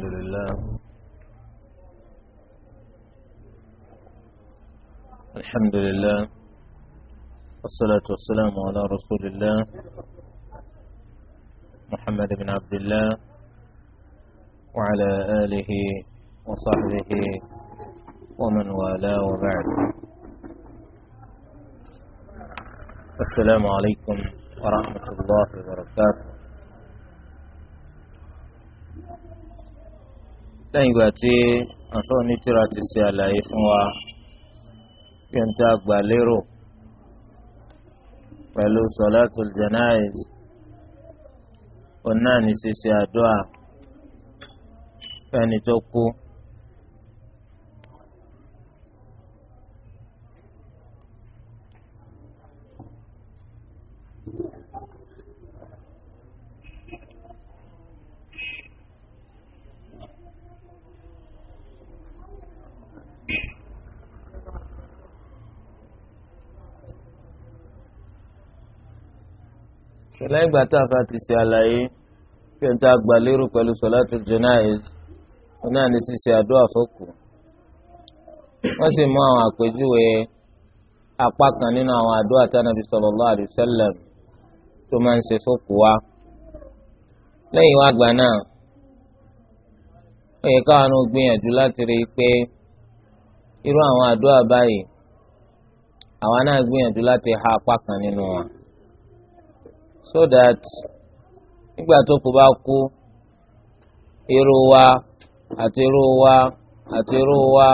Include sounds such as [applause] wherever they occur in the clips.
الحمد لله الحمد لله والصلاة والسلام على رسول الله محمد بن عبد الله وعلى آله وصحبه ومن والاه وبعد السلام عليكم ورحمة الله وبركاته lẹ́yìn ìgbà tí àfọwọ́n nítorá ti ṣe àlàyé fún wa kí n ta gbà lérò pẹ̀lú sọ̀látù jẹnáìz onáà ní ṣíṣe àdúrà fẹ́ni tó kú. ṣẹlẹ̀ ìgbà tá a fa ti ṣe àlàyé kí n ta gbà lérò pẹ̀lú sọ̀látù jẹnáìz náà ní ṣíṣe àdúrà fọ́kù wọ́n sì mú àwọn àpèjúwe apá kan nínú àwọn àdúrà tánàbí sallallahu alaihi tó máa ń ṣe fọ́kù wa lẹ́yìn wá gbà náà ó yẹ káwọn náà gbìyànjú láti rí ha apá kan nínú so that nígbà tó kù bá kú irú wa àti irú wa àti irú wa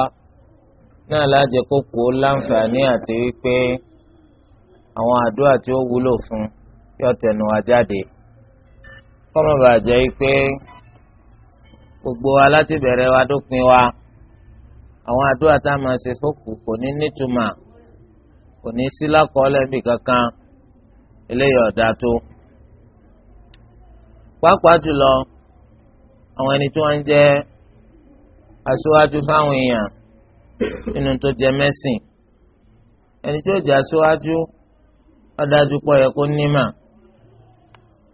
náà lájẹ kó kú ó láǹfààní àti wípé àwọn àdúrà tí ó wúlò fún yóò tẹnu wa jáde kọ́mọ̀ bàjẹ́ wípé gbogbo wa láti bẹ̀rẹ̀ wa dópin wa àwọn àdúrà tá a máa ṣe fókù kò ní nítumọ̀ kò ní sí lákọọ́lẹ̀ bí kankan eléyìí ọ̀dà tó. pàápàá jùlọ àwọn ẹni tí wọ́n ń jẹ́ aṣáájú fáwọn èèyàn nínú tó jẹ mẹ́sìn ẹni tí ó jẹ́ aṣáájú ọ̀dájú pọ̀ yẹ kó nímà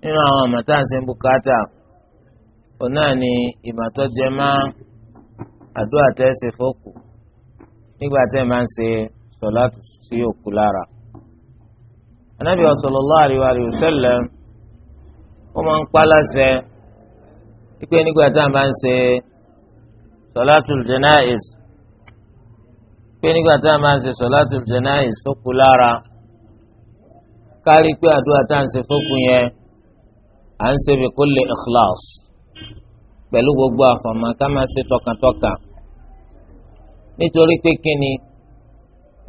nínú àwọn ọ̀mọ̀ ń òun náà ni ìmọ̀tọ́jẹ máa àdúrà tẹ́ ṣe fókù nígbà tẹ́ máa ń ṣe sọ̀lá sí òkú lára. anábìyà sallallahu alaihi wọ́n máa ń pa láṣẹ pípé nígbà tá à ń bá ń ṣe sọlátùl jẹnáìs pé nígbà tá à ń bá ń ṣe sọlátùl jẹnáìs tó kú lára kárí pé àdúrà tá à ń ṣe fókun yẹn à ń ṣe bi kulli ikhlas pẹ̀lú gbogbo àfọ̀mọ́ ká máa ṣe tọkàntọkàn nítorí pé kíni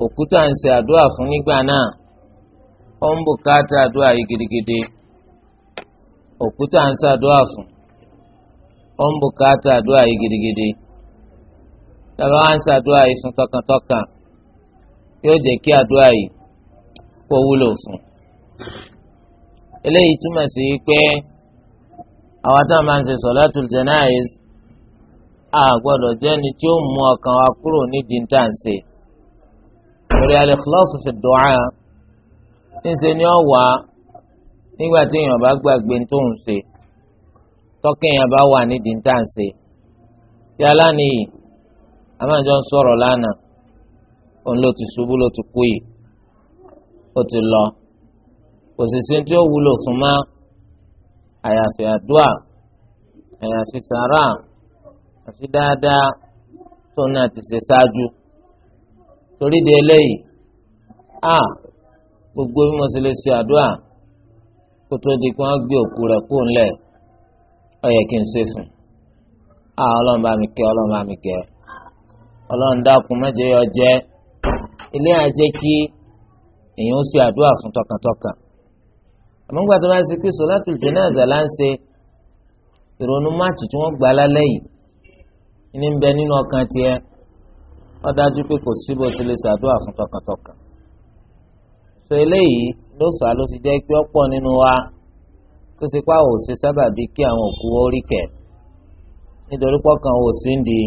òkúta ń ṣe àdúrà fún nígbà náà ó ń bùkátà àdúrà yìí gidigidi òkúta ń ṣàdúrà fún ó ń bùkátà àdúrà yìí gidigidi tàbá wá ń ṣàdúrà yìí fún tọkàntọkàn yóò jẹ́ kí àdúrà yìí kó wúlò fún eléyìí túmọ̀ sí pé àwọn táwọn máa ń ṣe sọ̀látùl jánàíz a gbọ́dọ̀ jẹ́ni tí ó mú ọkàn wa kúrò nídìí ń tàn ṣe torí al-ikhlasu fi du'a ń ṣe ni ó wà nígbà tí èèyàn bá gbàgbé tó ń ṣe tọ́kẹ́ èèyàn bá wà nídìí tá à ń ṣe tí aláníyì amájọ ń sọ̀rọ̀ lánàá òun ló ti ṣubú ló ti kú yìí ó ti lọ kò sì sí tí ó wúlò fún má àyàfi àdúà àyàfi sàrà àfi dáadáa tó náà ti ṣe ṣáájú torí de eléyìí a gbogbo bí mo ṣe lè ṣe àdúà kó tó di kó wọn gbé òkú rẹ̀ kó ńlẹ̀ ó yẹ kí n ṣe sùn á ọlọ́run bá mi kẹ́ ọlọ́run bá mi kẹ́ ọlọ́run dákun mẹ́jẹ yọ jẹ́ ilé ajẹ́ kí èèyàn ó ṣe àdúrà fún tọkàntọkàn àmọ́ tó bá ṣe pé solatul janaza là ń ṣe ìrònú máàtì tí wọ́n gbà lálẹ́ yìí ní ń bẹ nínú ọkàn tiẹ̀ ó pé kò síbò ṣe lè ṣàdúrà fún tọkàntọkàn so eléyìí ló fà á ló fi jẹ́ pé ọ̀pọ̀ nínú wa tó ṣe pa ò ṣe sábà bíi kí àwọn òkú orí kẹ̀ nítorí pọ́kàn ò sí ń di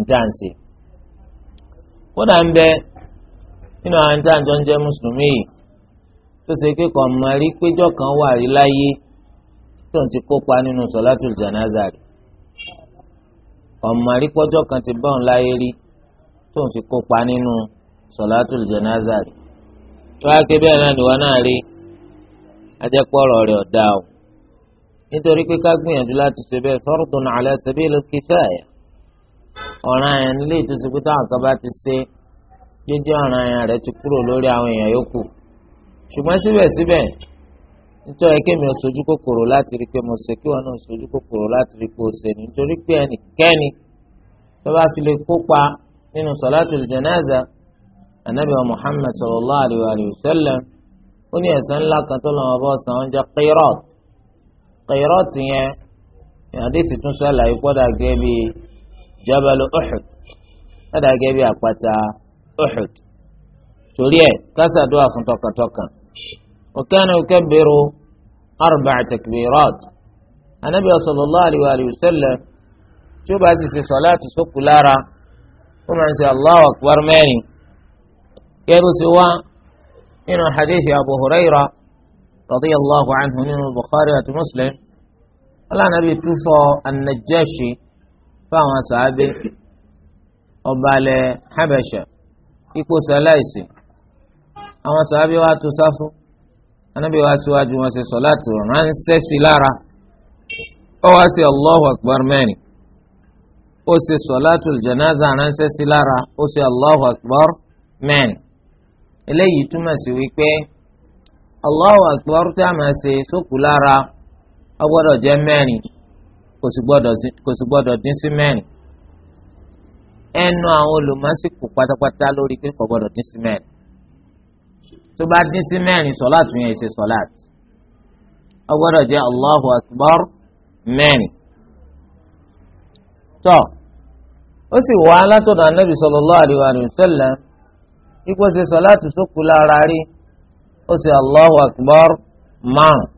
ntànṣe. kódà ń bẹ nínú àwọn ntànjọ ń jẹ́ mùsùlùmí yìí tó ṣe pé kàn máa rí péjọ kan wà rí láyé tó ń ti kópa nínú sọ̀látùl jánásà kàn máa rí pọ́jọ́ kan ti bọ́ọ̀n láyé rí tó ń fi kópa nínú sọ̀látùl jánásà tó wá ké bẹ́ẹ̀ náà níwá náà rí ajẹ́pọ̀rọ̀ rẹ̀ ọ̀dà o nítorí pé ká gbìyànjú láti ṣe bẹ́ẹ̀ fardun ala sabil al-kifaya ọ̀ràn yẹn nílé ìtòsí pé táwọn kan bá ti ṣe jíjẹ́ ọ̀ràn yẹn rẹ̀ ti kúrò lórí àwọn èèyàn yòókù ṣùgbọ́n síbẹ̀síbẹ̀ nítorí ẹ̀kẹ́ mi ò sojú kòkòrò láti rí pé mo ṣe kí wọn sojú kòkòrò anabi wa muhammad sallallahu alayhi wa sallam ó ní ẹ̀san ńlá kan tó lọ́wọ́ bọ́ san oúnjẹ qirat qirat yẹn àdéhìí tún ṣàlàyé pọ́dà gẹ́gẹ́ bí jabalu uhud pọ́dà gẹ́gẹ́ bí àpáta uhud torí ẹ̀ kásádùá fún tọkàntọkàn wa kana yukabbiru arba'a takbirat anabi wa sallallahu alayhi wa sallam tí ó bá sì ṣe sọ̀láàtì sókù lára ó máa ń ṣe allahu akbar mẹ́rin kẹ́rù sí wá nínú hadith abu huraira radiyallahu anhu nínú bukhari àti muslim ọlànàbí túfọ̀ anajashi fáwọn sàábé ọbalẹ̀ habasha ipò sàláìsì àwọn sàábé wa tó sáfù anabi wa síwájú wọn ṣe sọláàtì ránṣẹ́ sí lára ó wá sí allahu akbar mẹ́rin ó ṣe sọláàtì jẹnáza ránṣẹ́ sí lára ó ṣe allahu akbar mẹ́rin eléyìí túmọ̀ sí wípé Allahu akbar tí a máa ṣe sókù lára ó jẹ́ mẹ́rin kò sì gbọ́dọ̀ dín sí mẹ́rin ẹnu àwọn olùmọ̀síkù pátápátá lórí pé kò gbọ́dọ̀ dín sí mẹ́rin tó bá dín sí mẹ́rin sọ́láàtù yẹn ṣe sọ́láàtù ó jẹ́ Allahu akbar mẹ́rin tọ́ ó sì wá látọ̀dọ̀ ipò ṣe sọ̀láàtù sókù lára rí ó ṣe allahu akbar márùn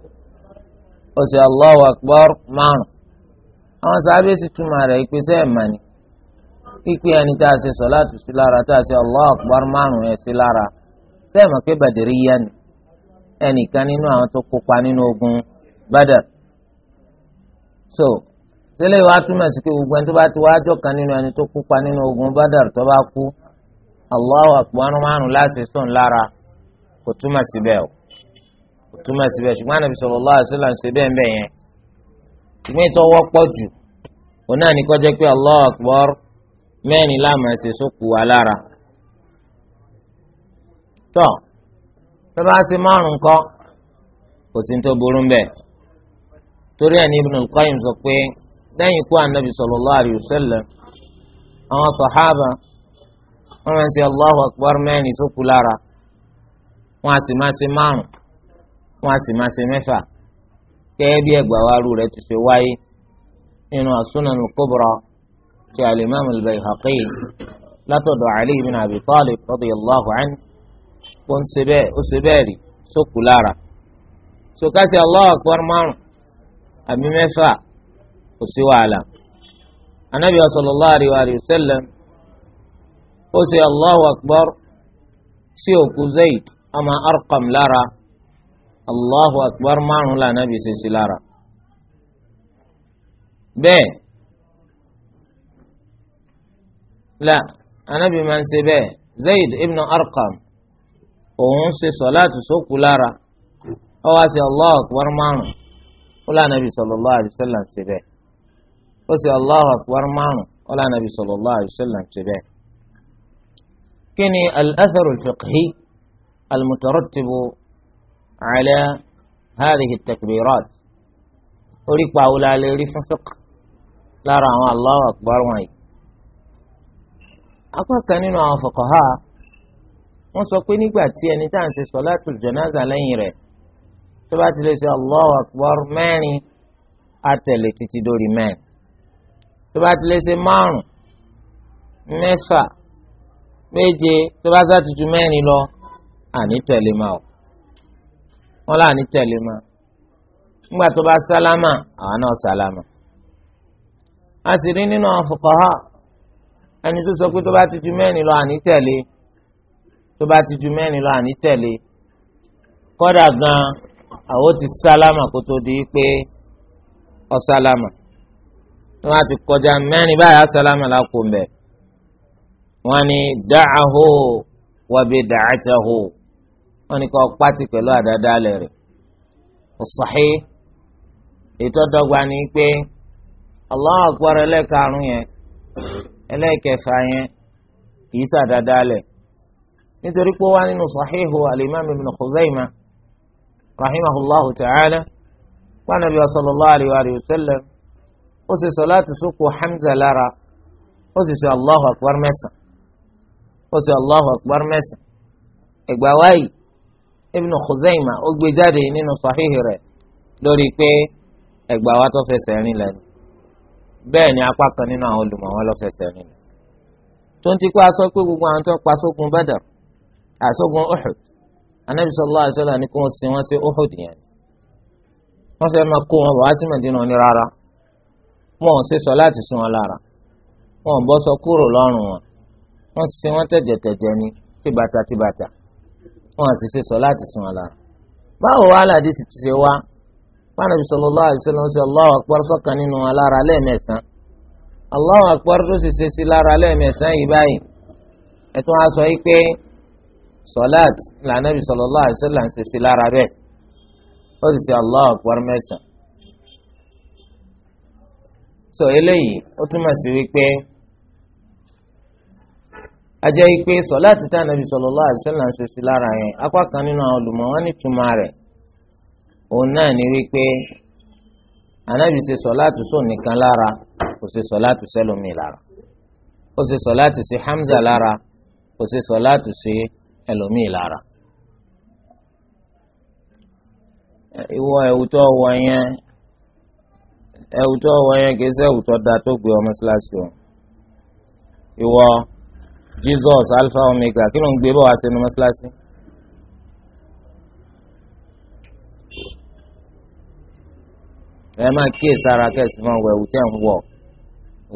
ó ṣe allahu akbar márùn àwọn sábẹ́ sì túmọ̀ rẹ̀ ìpè sẹ́ẹ̀ mà ní pípé ẹni tá a ṣe sọ̀láàtù sí lára tá a ṣe allahu akbar márùn ẹ̀ sí lára sẹ́ẹ̀ mọ̀ pé bàdìrí yá ni ẹnìkan nínú àwọn tó kópa nínú ogun Badr so sílẹ̀ wàá túmọ̀ sí pé gbogbo ẹni tó bá ti wá jọ̀kan nínú ẹni tó kópa nínú ogun Badr tó bá kú. Allahu akbar anụmanụ láti sùn lára kò túmọ̀ o kò túmọ̀ síbẹ̀ anabi ànábi sallallahu alaihi wasallam ń ṣe bẹ́ẹ̀ bẹ́ẹ̀ yẹn ṣùgbọ́n ju wọ́pọ̀ jù kọjá pé Allahu wa lára Tọ. tó bá ṣe márùn kọ́ kò sí torí ẹ̀ ní Ibn sọ pé lẹ́yìn wọ́n máa ń ṣe Allahu Akbar mẹ́rin sókù lára wọ́n á sì máa ṣe márùn wọ́n á sì máa ṣe mẹ́fà gẹ́gẹ́ bí ẹgbàá wa rú rẹ̀ ti ṣe wáyé nínú as-Sunan al-Kubra ti al al-Bayhaqi látọ̀dọ̀ Ali ibn Abi Talib radiyallahu anhu kó ń ṣe bẹ́ẹ̀ ó ṣe bẹ́ẹ̀ rí sókù lára sokasi Allahu Akbar márùn àbí mẹ́fà kò sí wàhálà anabi wa sallallahu alayhi wa sallam. وسي الله أكبر سيو كوزيت أما أرقم لارا الله أكبر ما لا نبي سيسي لارا ب لا أنا بمن سي سبه زيد ابن أرقم وهم سي صلاة سوك لارا وسي الله أكبر ما ولا نبي صلى الله عليه وسلم سي سبه وسي الله أكبر ما ولا نبي صلى الله عليه وسلم سي سبه kí ni al-atharu al-fiqhi al-mutarattibu ala hadhihi at-takbirat orí pàwọ́ la lè rí fún fiqh lára àwọn Allahu akbar wọ̀nyí. apá kan nínú àwọn fuqaha wọ́n sọ pé nígbà tí ẹni tá à ń ṣe salatul janaza lẹ́yìn rẹ̀ tó bá ti lè ṣe Allahu akbar mẹ́rin àtẹ̀lé títí dórí mẹ́rin tó bá ti lè ṣe márùn mẹ́fà méje tó bá sá tutù mẹ́rin lọ àní tẹ̀lé ma o wọ́n láàní tẹ̀lé ma nígbà tó bá sálámà àwọn náà sálámà a sì rí nínú fuqaha ẹni tó sọ pé tó bá tutù mẹ́rin lọ àní tẹ̀lé tó bá tutù mẹ́rin lọ àní tẹ̀lé kọ́dà gan àwọn ti sálámà kó tó di pé ọ sálámà wọ́n á ti kọjá mẹ́rin báyà sálámà lápò mbẹ́ẹ́. wọ́n ní da'ahu wa bid'atahu wọ́n ní kọ́ pátì pẹ̀lú àdádálẹ̀ rẹ̀ as-sahih ètò ọ̀dọ́gba ni pé Allahu akbar ẹlẹ́karùn yẹn ẹlẹ́kẹfà yẹn kì í sàdádálẹ̀ nítorí pé wọ́n nínú sahihu al-imam ibn Khuzaima rahimahullahu ta'ala wa nabi sallallahu alayhi wa sallam ó sì Hamza lára ó sì sọ o sì allahu akbar mẹ́sàn ẹgbà wáyé ibn khuzaima ó gbé jáde nínú sahihi rẹ̀ lórí pé ẹgbà wa tó fẹsẹ̀ rìn lẹ́nu bẹ́ẹ̀ ni apá kan nínú àwọn olùmọ̀ lọ fẹsẹ̀ rìn lẹ́nu tó ń ti kó aṣọ pé gbogbo àwọn tó pa sógun badr àsógun uhud anabi sallallahu ni kí wọ́n sin wọ́n sí uhud yẹn wọ́n máa kó wọn bọ̀ wá sí rárá wọ́n sin wọ́n tẹ̀jẹ̀tẹ̀jẹ̀ ni tibata tìbàtà wọ́n si ṣe sọ láti sùn àlà. báwo wá aládé ti ṣe wá Ànábì sallallahu alaihi wasallam ṣe Allahu akbar sọ́kàn nínú wọn lẹ́ẹ̀mẹ̀sán Allahu akbar tó sì ṣe sí lára lẹ́ẹ̀mẹ̀sán yìí báyìí ẹ̀tún wá sọ yìí pé sọláàt lànàbì sallallahu alaihi wasallam ń ṣe sí lára bẹ́ẹ̀ ó sì ṣe mẹ́sàn-án. sọ eléyìí ó ajẹ́ ipe sọ̀láàtì tá ànábì sallallahu alaihi wasallam ṣe sí lára yẹn apá kan nínú àwọn olùmọ̀ wọn ní túmọ̀ rẹ̀ òun náà ní wípé ànábì ṣe sọ̀láàtì sóun nìkan lára kò ṣe sọ̀láàtì sẹ́lómi lára ó ṣe sọ̀láàtì sí Hamza lára kò ṣe sọ̀láàtì sí ẹlòmí lára. ìwọ ẹ̀wùtọ́ wọ yẹn ẹ̀wùtọ́ wọ yẹn kì í ṣe ẹ̀wùtọ́ da tó gbé ọmọ síláṣí o ìwọ. Jesus alpha omega kí ló ń gbé bọ̀ wá sínú mọ́ṣáláṣí. ẹ máa kíyè sára kẹsì máa wẹ̀wù tẹ̀ ń wọ̀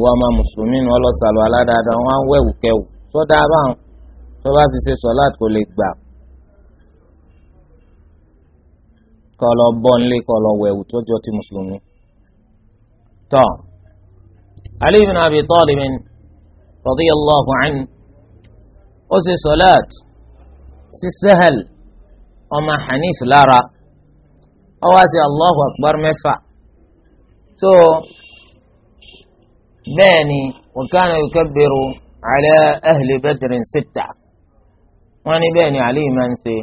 wọ́n máa mùsùlùmí ní ọlọ́sàlù aládàáda wọn á wẹ̀wù kẹwù sọ́dà báwọn tó bá fi ṣe sọ láti kò lè gbà kọ́ lọ bọ́ nílé kọ́ lọ wẹ̀wù tó ti mùsùlùmí. tọ́ Ali ibn Abi Talib radiyallahu anhu ó ṣe sọláàt sí sahel ọmọ hanif lára ó wá sí allahu akbar mẹ́fà tó bẹ́ẹ̀ ni wa kana yukabbiru ala ahli badrin sitta wọ́n ní bẹ́ẹ̀ ni ali máa ń ṣe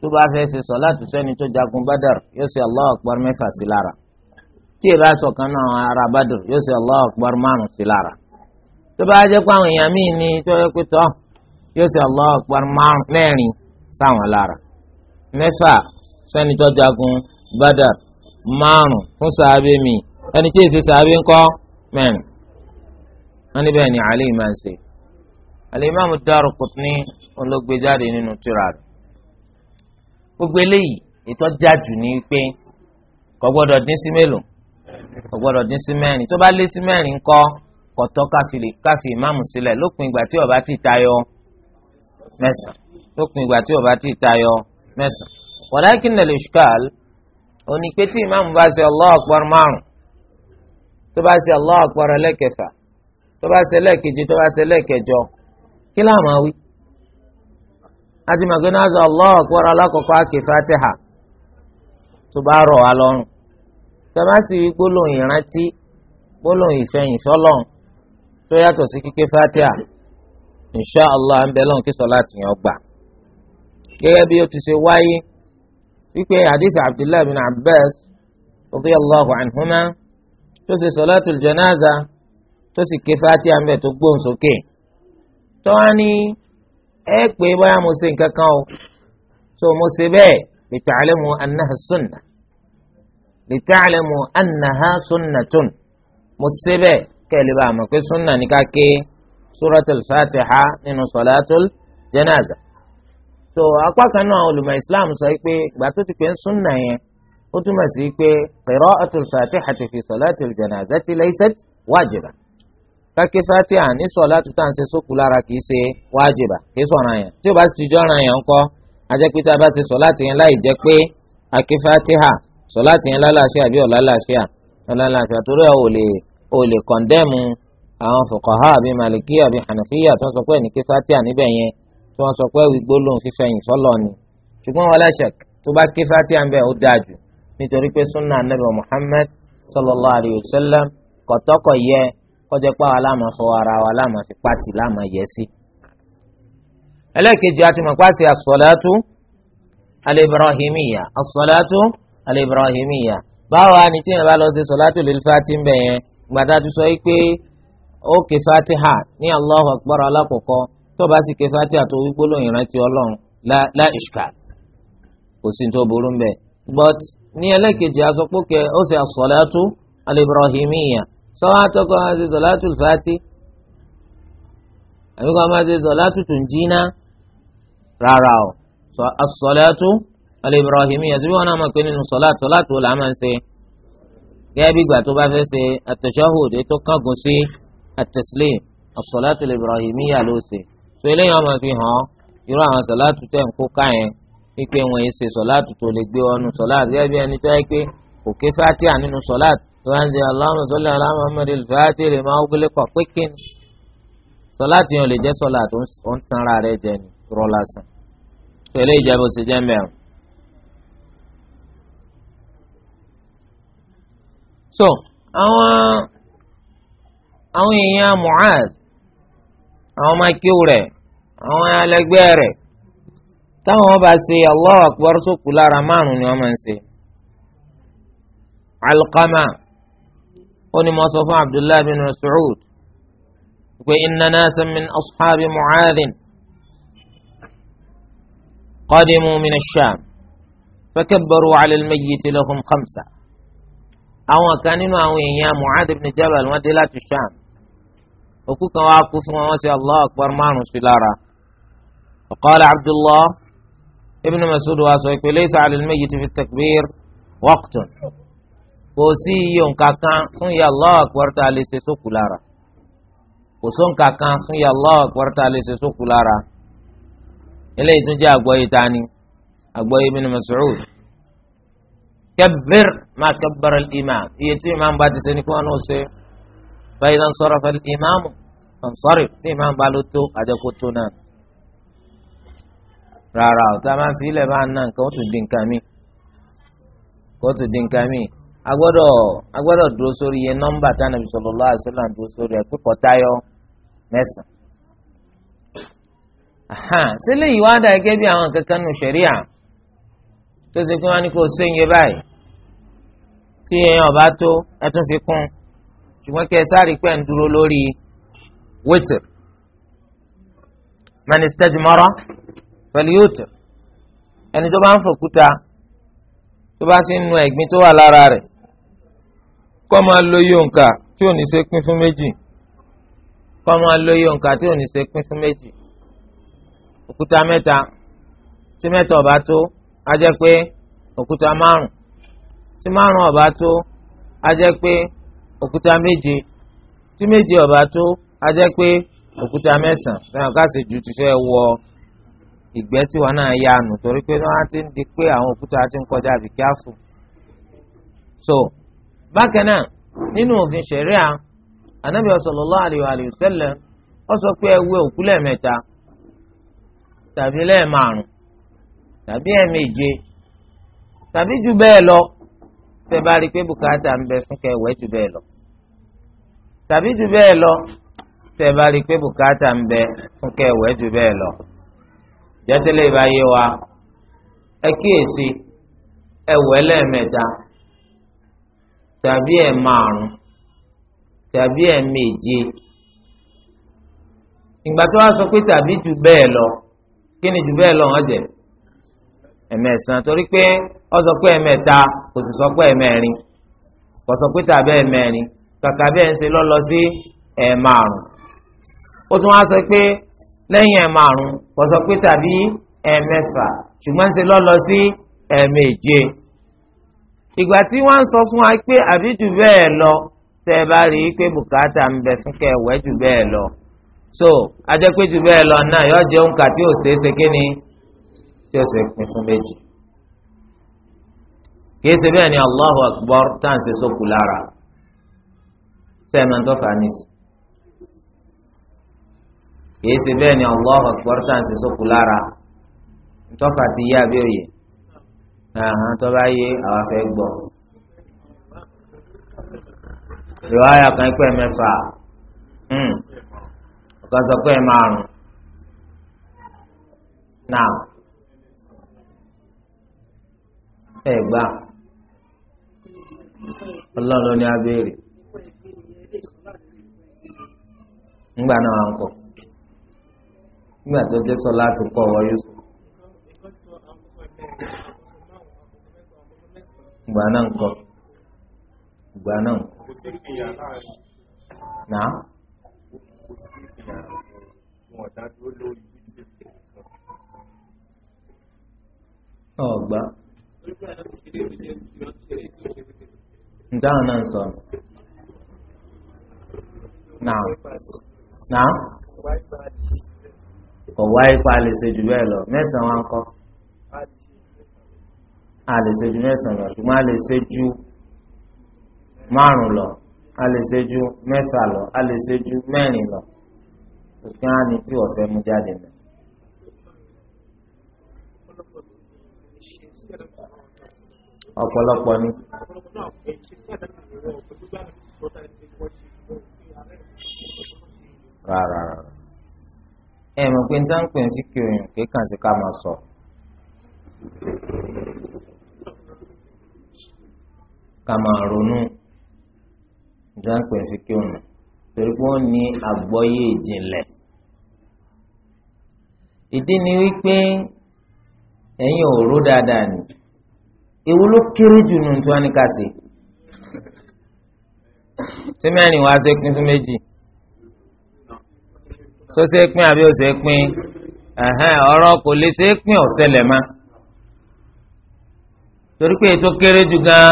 tó bá fẹ́ ṣe sọláàt sẹ́ni tó jagun badar yóò ṣe allahu akbar mẹ́fà sí lára tí ì sọ̀kan náà ara badr yóò ṣe allahu akbar márùn sí lára tó bá jẹ́ pé àwọn èèyàn míì ní tó yẹ pé tọ́ yóò ṣe Allahu Akbar mẹ́rin sáwọn lára mẹ́fà sẹ́ni tó jagun Badar márùn fún sàábé mi ẹni tí èsì sàábé ńkọ́ mẹ́rin wọ́n níbẹ̀ ni Ali máa ń ṣe Al-Imam Ad-Daraqutni olóògbéjáde nínú tírà rẹ̀ gbogbo eléyìí ìtọ́jà jù ní pé kò gbọ́dọ̀ dín sí mélòó kò gbọ́dọ̀ dín sí mẹ́rin tó bá lé sí mẹ́rin ńkọ́ kọ̀tọ́ káfí ìmáàmù sílẹ̀ lópin ìgbà tí ọba ti tayọ lópin ìgbà tí ó bá ti tayọ mẹsàn tí ìmáàmù bá ṣe Allahu akbar márùn tó bá ṣe Allahu akbar ẹlẹ́kẹfà tó bá ṣe ẹlẹ́keje tó bá ṣe ẹlẹ́kẹjọ kí la máa wí. láti mọ̀ náà ṣe Allahu akbar alákọ̀ọ́kọ́ tó yàtọ̀ sí kíké fatia insha allah ń bẹ lọ́n kí sọlá tìyàn gbà gẹ́gẹ́ bí ó ti ṣe wáyé wípé hadith abdullahi bin abbas radiyallahu anhuma tó ṣe sọlátul janaza tó sì fatia ń bẹ tó gbóhùn sókè tọ́wá ẹ pé báyà mo ṣe nǹkan kan o tó mo ṣe bẹ́ẹ̀ lita'lamu annaha sunna lita'lamu annaha mo ṣe bẹ́ẹ̀. kẹ́lẹ́ bá a mọ̀ pé súnà ní ká ké suratul fatiha nínú solatul janaza. tó apá kan náà olùmọ̀ islam sọ pé ìgbà tó ti pé súnà yẹn ó túmọ̀ sí pé qira'atul fatiha ti fi solatul janaza ti laysat wajiba. káké fatiha ní solatu tá à ń ṣe sókù lára kì í ṣe wajiba kì í sọ̀ràn yẹn tí o bá sì ti jọ́ràn yẹn ńkọ́ ajẹ́pẹ́tà bá ṣe solatu yẹn láì jẹ́ pé akí fatiha solatu yẹn lálàáfíà bí ọ̀làláfíà ọ̀làláfíà torí ẹ̀ ò lè o lè kọ̀ndẹ́mù àwọn fuqaha àbí malikiya àbí hanafiya tí wọ́n sọ pé ní kí fatia níbẹ̀ yẹn tí wọ́n sọ pé wí gbólóhùn fífẹ̀yìn sọ́lọ̀ ni ṣùgbọ́n wala shak tó bá kí fatia ń bẹ̀ ó dáa jù nítorí pé sunna anabi muhammad sallallahu alayhi wa sallam kọ̀tọ́kọ̀ yẹ kọjá pa wà láàmà fọ ara wà láàmà fi pàtì láàmà yẹ sí. ẹlẹ́ẹ̀kejì àti mọ̀páṣí as-salatu al-ibrahimiyya báwa ni tí gbàtà ti sọ pé ó ké fatiha ní Allahu akbar alákọ̀ọ́kọ́ tó bá sì ké fatiha tó wí gbólóyìn rántí ọlọ́run la kò sí tó burú mbẹ. but ní ẹlẹ́kejì asopókè ó sì as-salatu al-ibrahimiyya sọ́wọ́n atọ́kọ́ máa ṣe salatu al-fati àbí kọ́ máa ṣe salatu tunjina rárá o as-salatu al síbí wọn náà máa pè nínú salatu salatu wò làá máa ń ṣe gẹ́gẹ́ bí ìgbà tó bá fẹ́ ṣe at-tashahhud tó kángun sí at-taslim as-salatu al-ibrahimiyya ló ṣe tó eléyìí wọn máa fi hàn irú àwọn sọ̀láàtù tẹ̀ ń kó káyẹn pípé wọn yìí ṣe sọ̀láàtù tó lè gbé ọnu sọ̀láàtù gẹ́gẹ́ bí ẹni tó yẹ pé kò ké nínú sọ̀láàtù tó bá ń ṣe Allahumma salli ala Muhammad al-Fatihi lima ughliqa pé kí ni sọ̀láàtù yẹn lè jẹ́ sọ̀láàtù ó ń tanra rẹ̀ jẹ ni rọ́lásán tó eléyìí jẹ́ bó ṣe jẹ́ mẹ́rin. so àwọn àwọn èèyàn muhaz àwọn ọmọ ikú rẹ̀ àwọn alẹ́gbẹ́ rẹ̀ táwọn bá ṣe allah akpọr sókù lára márùn ni wọ́n máa ń ṣe Alqama ó ní mọ́sán fún Abdullahi bin Mas'ud pé inna nasan min ashabi Mu'adh qadimu min ash-Sham fakabbaru ala al-mayyit lahum khamsa. àwọn kan nínú àwọn èèyàn Mu'adh ibn Jabal wọ́n dé láti Sham òkú kan wá kú fún wọn wọ́n sì Allahu akbar márùn sí lára qala Abdullah ibn Mas'ud wa sọ pé laysa 'ala al-mayyit fi at-takbir waqtun kò sí iye nǹkan kan fún ya Allahu akbar tá a lè ṣe sókù lára kò só nǹkan fún ya Allahu akbar tá lè ṣe sókù lára eléyìí tún jẹ́ àgbọ̀yé tani àgbọ̀yé ibn Mas'ud kẹbìr máa kẹbìrì imam iye tí imam bá ti ṣe ni kí wọn náà ṣe báyìí náà sọ̀rọ̀ fẹ́ imam sọ̀rọ̀ tí imam bá ló tó àjẹkó tó náà rárá ọ̀tá máa fi ilẹ̀ bá ná nǹkan ó tún di nǹkan mi kó tún di nǹkan mi agbọ́dọ̀ agbọ́dọ̀ dúró sórí iye nọ́mbà tí anabi sallallahu alaihi wasallam dúró sórí ẹ̀ pé kọ́tayọ mẹ́sàn-án sílẹ̀ yìí wá dà gẹ́gẹ́ bí àwọn kankan nù ṣẹ̀ríà tó ṣe pé wọ́n á ní kó o ṣe ń yẹ báyìí tí ẹyin ọba tó ẹ tún fi kún ṣùgbọ́n kí ẹ sáré pẹ́ ń dúró lórí wítìr mẹ́nistẹ́tì mọ́rọ́ pẹ̀lú yóòtìr ẹni tó bá ń fòkúta tó bá sì ń nu ẹ̀gbin tó wà lára rẹ̀ kọ́ máa lo yonka tí ò ní ṣe pín fún méjì kọ́ máa lo yonka tí ò ní ṣe pín fún méjì òkúta mẹ́ta tí mẹ́ta ọba tó á pé òkúta márùn tí márùn ọba tó a pé òkúta méje tí méje ọba tó a pé òkúta mẹ́sàn-án fẹ́ràn káṣí ju ti fẹ́ wọ ìgbẹ́ tí wọn náà yá nù torí pé wọn ti ń di pé àwọn òkúta ti ń kọjá àbí kíáfù. so bákan náà nínú òfin ṣẹ̀ríà anábì sallallahu alaihi wa sallam ọ sọ pé ẹ òkú lẹ́ẹ̀mẹ́ta tàbí lẹ́ẹ̀márùn tàbí ẹ̀ẹ̀méje tàbí jù bẹ́ẹ̀ lọ tẹ́ bá rí i pé bùkátà ń bẹ fún kẹwẹ́ jù bẹ́ẹ̀ lọ tàbí jù bẹ́ẹ̀ lọ tẹ́ bá rí i pé bùkátà ń bẹ fún kẹwẹ́ jù bẹ́ẹ̀ lọ jẹ́tẹ́lẹ̀ ìbáyé wa ẹ kíyèsí ẹ wẹ̀ lẹ́ẹ̀mẹ́ta tàbí ẹ̀ márùn tàbí ẹ̀ méje ìgbà tó wá sọ pé tàbí jù bẹ́ẹ̀ lọ kí ni jù bẹ́ẹ̀ lọ wọ́n jẹ́ ẹ̀mẹ́sàn torí pé ó sọ pé ẹ̀mẹ́ta kò sì sọ pé ẹ̀mẹ́rin kò sọ pé tàbí ẹ̀mẹ́rin kàkà bẹ́ẹ̀ ń ṣe lọ́lọ́ sí ẹ̀ẹ̀márùn ó tún wá sọ pé lẹ́yìn ẹ̀ẹ̀márùn kò sọ pé tàbí ẹ̀ẹ̀mẹ́fà ṣùgbọ́n ń ṣe lọ́lọ́ sí ẹ̀ẹ̀méje ìgbà tí wọ́n ń sọ fún wa pé àbí jù bẹ́ẹ̀ lọ tẹ́ ẹ bá rí i pé bùkátà ń bẹ fún kẹwẹ́ jù bẹ́ẹ̀ lọ so ajẹ́ pé jù bẹ́ẹ̀ lọ náà yọ jẹun kà tí ò kìí ṣe bẹ́ẹ̀ ni Allahu Akbar tá à lára sẹ́ẹ̀ máa kìí ṣe bẹ́ẹ̀ ni Allahu Akbar ti yé tó bá yé àwọn afẹ́ gbọ́ kan pẹ́ mẹ́fà ọ̀kan hmm. sọ pé márùn ọlọ́run ní abéèrè ńgbà náà wà ń kọ ńgbà tó jẹ́ sọ láti kọ́ ọ Yusuf ńgbà náà ń kọ ńgbà náà ń kọ ntáwọn náà ń sọ náà náà kò wá ipa lè ṣe jù bẹ́ẹ̀ lọ mẹ́sàn-án wa ń kọ́ a lè ṣe jù mẹ́sàn-án lọ ṣùgbọ́n a lè ṣe jù márùn-ún lọ a lè ṣe jù mẹ́sàn lọ a lè ṣe jù mẹ́rin lọ òkè á ní mú jáde náà. ọ̀pọ̀lọpọ̀ ni. rárá ẹ mọ̀ pé níta ń pè ní síkì òyìn kéèkàn sí ká máa sọ. ká máa ronú níta ń pè ní síkì òyìn torí pé wọ́n ní àgbọ́yé ìjìnlẹ̀. ìdí ni wípé ẹ̀yin ò ró dáadáa nìyí. èwo ló kéré jù nù tí wọ́n ní ká ṣe tí mẹ́rin wá ṣe pín fún méjì tó ṣe pin àbí ó ṣe pín ọ̀rọ̀ kò lè ṣe pín ọ̀sẹ̀lẹ̀ má torí pé ètò kéré jù gan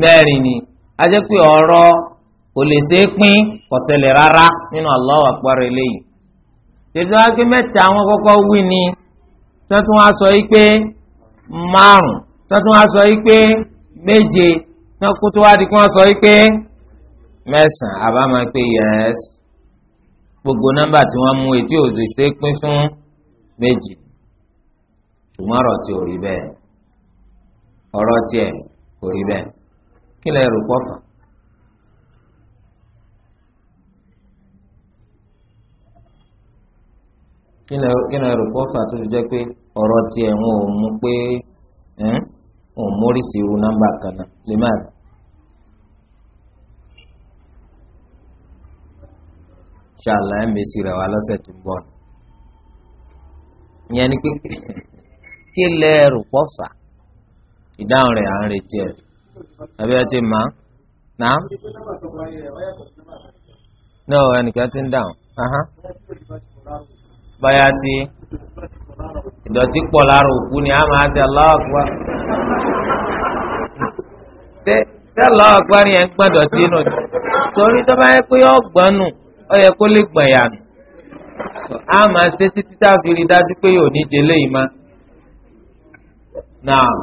ni a pé kò lè ṣe rárá nínú tètè wá pé àwọn wí ni tí tún wá sọ tọ́tún wá sọ yìí pé méje tán kó tó wá di kí wọ́n sọ yìí pé mẹ́sàn-án àbá máa pé yẹ́s gbogbo nọ́mbà tí wọ́n mú etí òde ṣe pín fún méjì ṣùgbọ́n ọ̀rọ̀ tí ò rí bẹ́ẹ̀ ọ̀rọ̀ tiẹ̀ kò rí bẹ́ẹ̀ kí lè rò pọ̀fà. kí lè rò pọ̀fà tó fi jẹ́ pé ọ̀rọ̀ tiẹ̀ ń ò mú pé òun móríṣi irú nọ́mbà kan náà lè má rí. ṣàlàyé ẹ̀ rẹ̀ wá lọ́sẹ̀ tó ń bọ̀ ni. ìyẹn ni pé kí lẹ rò pọ̀ fà ìdáhùn rẹ̀ à ń retí ẹ̀ àbí ẹ ti mọ̀ ọ́ náà. náà ẹnìkan ti ń dáhùn. báyà tí ìdọ̀tí pọ̀ lára òkú ni a máa ṣe Allahu ṣé ṣé Allahu Akbar yẹn ń gbọ́n dọ̀tí nù torí tó bá yẹ pé gbọ́n nù ó yẹ kó lè gbọ̀n yànù a máa ṣe títí dájú pé yóò ní jẹlé yìí má. náà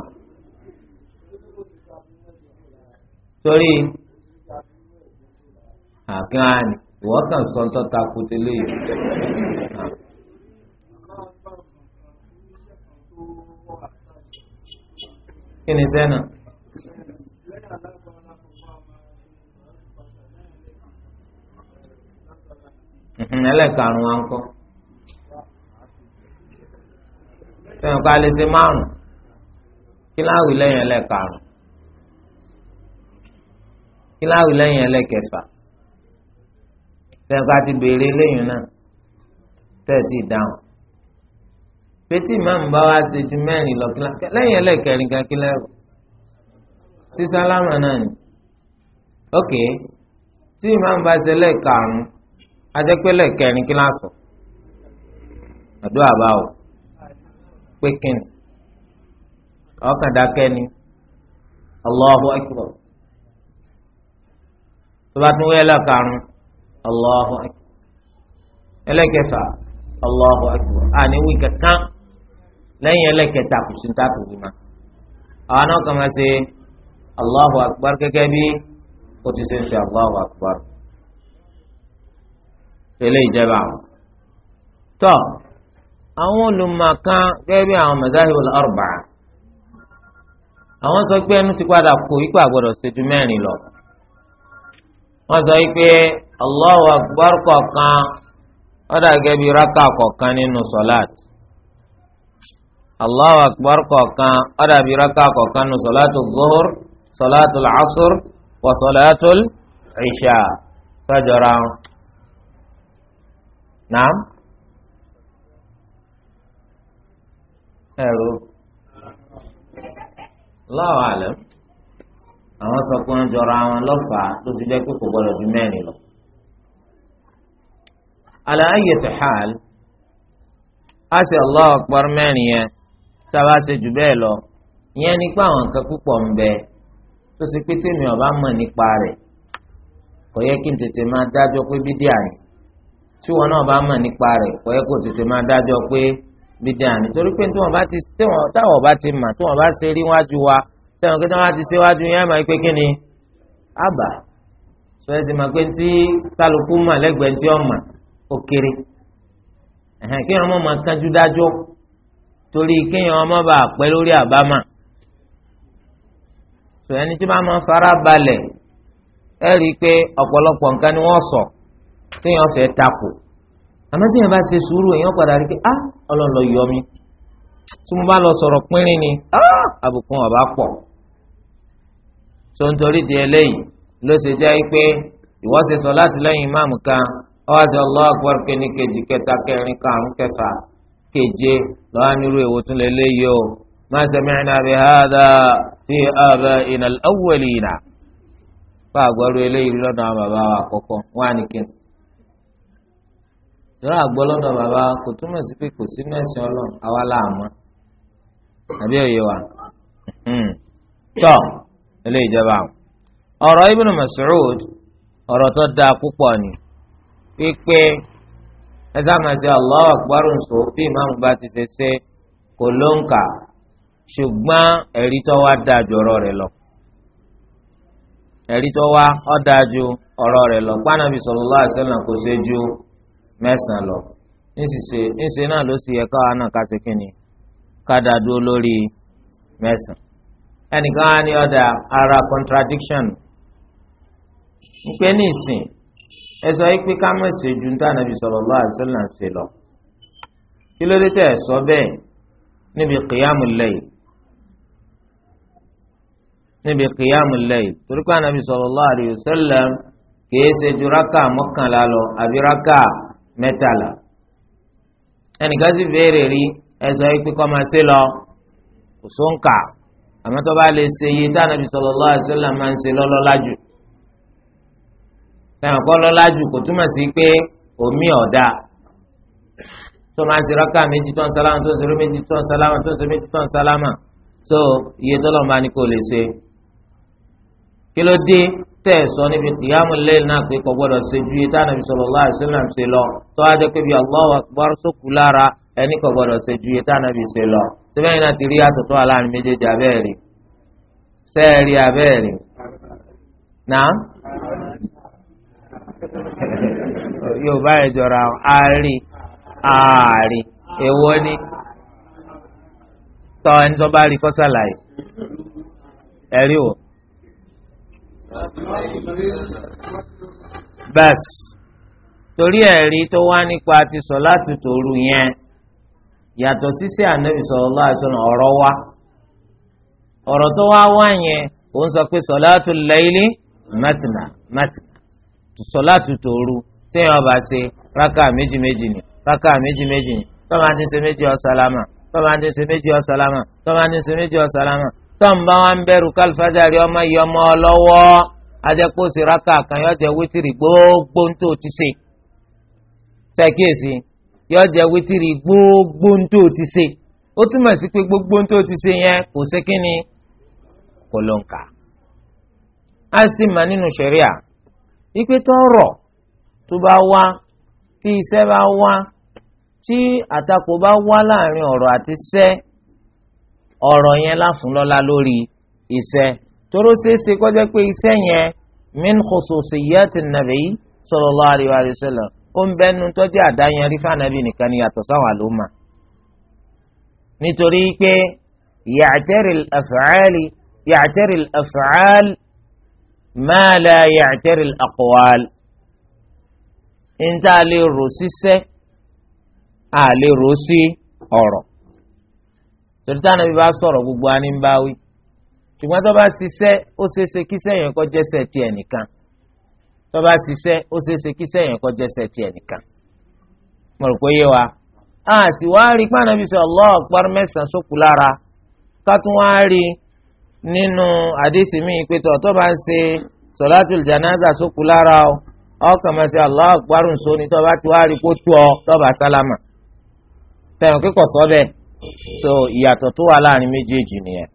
torí àkàn kí ni zẹ́nà. Mhm, ẹlẹ́karùn-ún wa ń kọ́ sẹ́yìn ká lè ṣe márùn-ún kí láwì lẹ́yìn ẹlẹ́karùn-ún kí láwì lẹ́yìn ẹlẹ́kẹfà sẹ́yìn ká ti béèrè lẹ́yìn náà tẹ́ẹ̀ tí ì dáhùn. pétí ìmáàmù bá wá ṣe ju mẹ́rin lọ lẹ́yìn ẹlẹ́kẹrin kan kí lẹ́rù sísálámà náà ni ok tí ìmáàmù bá ṣe elekere ún ajẹ́pẹ́ lẹ́ẹ̀kẹrin kí lásọ àdúrà báwò pé kíni ọkàn dákẹ́ ni Allahu akbar tó bá tún wẹ́ lẹ́ẹ̀karùn-ún Allahu akbar ẹlẹ́kẹfà Allahu akbar àníwí kankan. lẹ́yìn ẹlẹ́kẹta kò sí àwọn náà kàn máa ṣe allahu akbar gẹ́gẹ́ bí o ti ṣe ń ṣe allahu akbar tẹ́lẹ̀ ìjẹba àwọn. tọ́ àwọn olùmọ̀kan gẹ́gẹ́ bí àwọn mazahibul arba'a àwọn sọ pé ẹnu ti padà kó ipa gbọ́dọ̀ lọ sọ pé allahu akbar bí raka Allahu akbar kọ̀ọ̀kan ọ̀dàbí rákà kọ̀ọ̀kan nù sọ̀látù zuhur sọ̀látù asur wà sọ̀látù ìṣà sọ́jọ́ra wọn. Naam. Ẹ̀rù. Allahu alam. Àwọn sọ pé wọ́n jọra wọn lọ́fàá tó ti jẹ́ pé kò gbọdọ̀ ju mẹ́rin lọ. Ala ayyati hal. Á sì Allahu akbar mẹ́rin yẹn. sábà ṣe jù bẹ́ẹ̀ lọ ìyẹn ni pé àwọn nǹkan púpọ̀ ń bẹ tó ṣe pé tèmi ọba mọ̀ nípa rẹ̀ kò yẹ kí n tètè máa dájọ́ pé bídíà ni tí wọn náà bá mọ̀ nípa rẹ̀ kò yẹ kó tètè máa dájọ́ pé bídíà ni torí pé tí wọn bá ti táwọn ọba ti mà tí wọn bá ṣe rí wájú wa sẹ́wọ̀n kí wọ́n bá ti ṣe wájú yẹn máa pé kí ni àbá sọ ẹ́ ti máa pé tí kálukú mà lẹ́gbẹ̀ẹ́ tí wọ́n mà ó kéré kí wọ́n mọ̀ máa dájọ́ torí kéèyàn ọmọ bá pẹ́ lórí àbámà sọ ẹni tí máa máa fara balẹ̀ ẹ rí i pé ọ̀pọ̀lọpọ̀ nǹkan ni wọ́n sọ téèyàn fẹ́ takò àmọ́ téèyàn bá ṣe sùúrù èèyàn padà rí i pé á yọ mi tí mo bá lọ sọ̀rọ̀ pínrín ni àbùkù ọ̀bá pọ̀ sọ nítorí di eléyìí ló ṣe jẹ́ pé ìwọ́sẹ̀ sọ láti lẹ́yìn kan ọ̀hádìí keje lọ́wọ́ nírú èwo tún lè léyìí o ma sami'na bihadha fi aba'ina al-awwalina bá àgbọ̀rọ̀ eléyìí lọ́dọ̀ àwọn bàbá wa àkọ́kọ́ wọn á ní ìrọ̀ àgbọ̀ lọ́dọ̀ bàbá kò túmọ̀ sí pé kò sí mẹ́sàn-án àwa láàmú àbí òye wa. Hmm. tọ́ ilé ìjọba ọ̀rọ̀ ọ̀rọ̀ tó dáa púpọ̀ ni pípé. ẹ sáàmà sí Allahu Akbar nsọ bí ìmáàmù bá ti ṣe ṣe kò ló ń kà ṣùgbọ́n ẹ̀rí tó wá dáa ju ọ̀rọ̀ rẹ̀ lọ ẹ̀rí tó wá ọ́ dáa ju ọ̀rọ̀ rẹ̀ lọ pàànàbí sallallahu alaihi wasallam kò ṣe ju mẹ́sàn lọ níṣìṣe níṣe náà ló sì yẹ káwa náà ká ṣe kí ni ká dáa dúró lórí mẹ́sàn ẹnìkan á ní ọ̀dà ara contradiction ń pẹ́ ní ìsìn ẹ sọ pé ká má ṣe ju níta nàbì sallallahu alaihi wasallam ṣe lọ kí ló dé tẹ ẹ sọ bẹ́ẹ̀ níbi qiyamul layl níbi qiyamul layl torí pé ànàbì sallallahu alaihi wasallam kìí ṣe ju raka mọ́kànlá lọ àbí raka mẹ́tàlá ẹnìkan sì béèrè rí ẹ sọ pé kọ́ máa ṣe lọ kò sóńkà àmọ́ bá lè ṣe iye tá ànàbì sallallahu alaihi wasallam máa ń táwọn kọ́ lọ́lá jù kò túmọ̀ sí pé omi ọ̀dà tó máa ń ṣe rákà méjì tó ń sálámà tó ń ṣe méjì tó ń sálámà tó ń ṣe méjì tó ń sálámà so iye tọ́lọ̀ máa ní kò lè ṣe. kí ló dé tẹ̀ sọ níbi kìyàmù lẹ́yìn náà pé kò gbọ́dọ̀ ṣe ju iye tá ànàbì sallallahu alaihi wasallam ṣe lọ tó wá jẹ́ pé bí Allahu akbar sókù lára ẹni kò gbọ́dọ̀ ṣe ju iye tá ànàbì ṣe lọ sẹ́fẹ̀yìn náà yorùbá yẹn jọra àárí àárí èwo ni tọ́ ẹni tó bá rí kọ́ sàlàyé wò. bẹ́ẹ̀s torí ẹ̀rí tó wá nípa ti sọ láti tòru yẹn yàtọ̀ sísẹ́ ànábì sallallahu ọ̀rọ̀ wá ọ̀rọ̀ tó wá wá yẹn sọ pé sọ̀látù téèyàn ọba ṣe rákà méjì méjì ni rákà méjì méjì ni tọ́ba ti ṣe méjì ọ̀sálámà tọ́ba ti ṣe méjì ọ̀sálámà tọ́ba ti ṣe méjì ọ̀sálámà tọ́ǹba wa ọmọ yìí ọmọ ọlọ́wọ́ kan yọ jẹ́ wítìrì gbogbo ń tó ti ṣe ṣàkíyèsí yóò jẹ́ wítìrì gbogbo ń tó ti ṣe ó túmọ̀ sí gbogbo ń ti ṣe yẹn kò ṣe kí ni kò ló ń sì tó bá wá tí iṣẹ́ bá wá tí àtakò bá wá láàrin ọ̀rọ̀ àti iṣẹ́ ọ̀rọ̀ yẹn láfúnlọ́lá lórí iṣẹ́ tóró ṣeéṣe kọjá pé iṣẹ́ yẹn min khususiyyati nabi sallallahu alaihi wasallam ó ń bẹnu tọ́jú àdáyẹn rí fànàbí nìkan ni yàtọ̀ sáwọn àlùmà nítorí pé ya'tari al-af'ali ya'tari al la ya'tari al níta lè rò sísẹ́ a lè rò sí ọ̀rọ̀ torí táwọn ẹbí bá sọ̀rọ̀ gbogbo ani ń bá wí ṣùgbọ́n tó bá ṣiṣẹ́ ó ṣeéṣe kíṣẹ́ yẹn kó jẹ́sẹ̀ tiẹ̀ nìkan tó bá ṣiṣẹ́ ó ṣeéṣe kíṣẹ́ yẹn kó jẹ́sẹ̀ tiẹ̀ nìkan mo rò pé yé wa a sì wá rí pàánà bí sọ Allahu Akbar mẹ́sàn-án sókù lára ká tún wá rí nínú àdéhùn mi pé tó tó bá ń ṣe sọ̀látùl jánásà sókù lára o. ọkàn máa ṣe allah akparun so ni tọ́ba tí wàá rí kó tú ọ tọ́ba sálámà sọ so ìyàtọ̀ tó wà láàrin méjèèjì nìyẹn.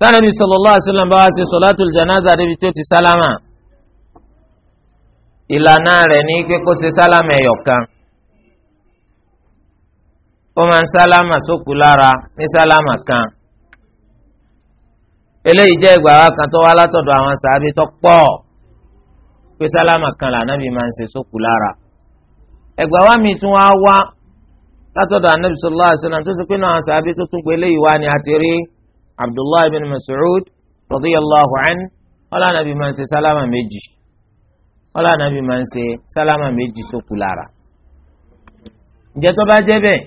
sanabi sallallahu alaihi wasallam bá wa ṣe solatul janaza débi tó ti sálámà ìlànà rẹ̀ ní eyo ka. ṣe sálámà ẹ̀yọ̀kan ó máa ń sálámà sókù lára eléyìí jẹ́ ìgbà wa kan tó wá látọ̀dọ̀ àwọn sàábí tó pọ̀ pé sálámà kan lànàbì máa ń ṣe sókù lára ẹgbà wa mi tún wá wá látọ̀dọ̀ anabi sallallahu alaihi wasallam tó ṣe pé náà sàábí tó tún pé eléyìí wá ni àti rí abdullahi bin mas'ud radiyallahu anhu ọlá anabi máa ń ṣe sálámà méjì ọlá anabi máa ń ṣe sálámà méjì sókù lára ǹjẹ́ tó bá jẹ́ bẹ́ẹ̀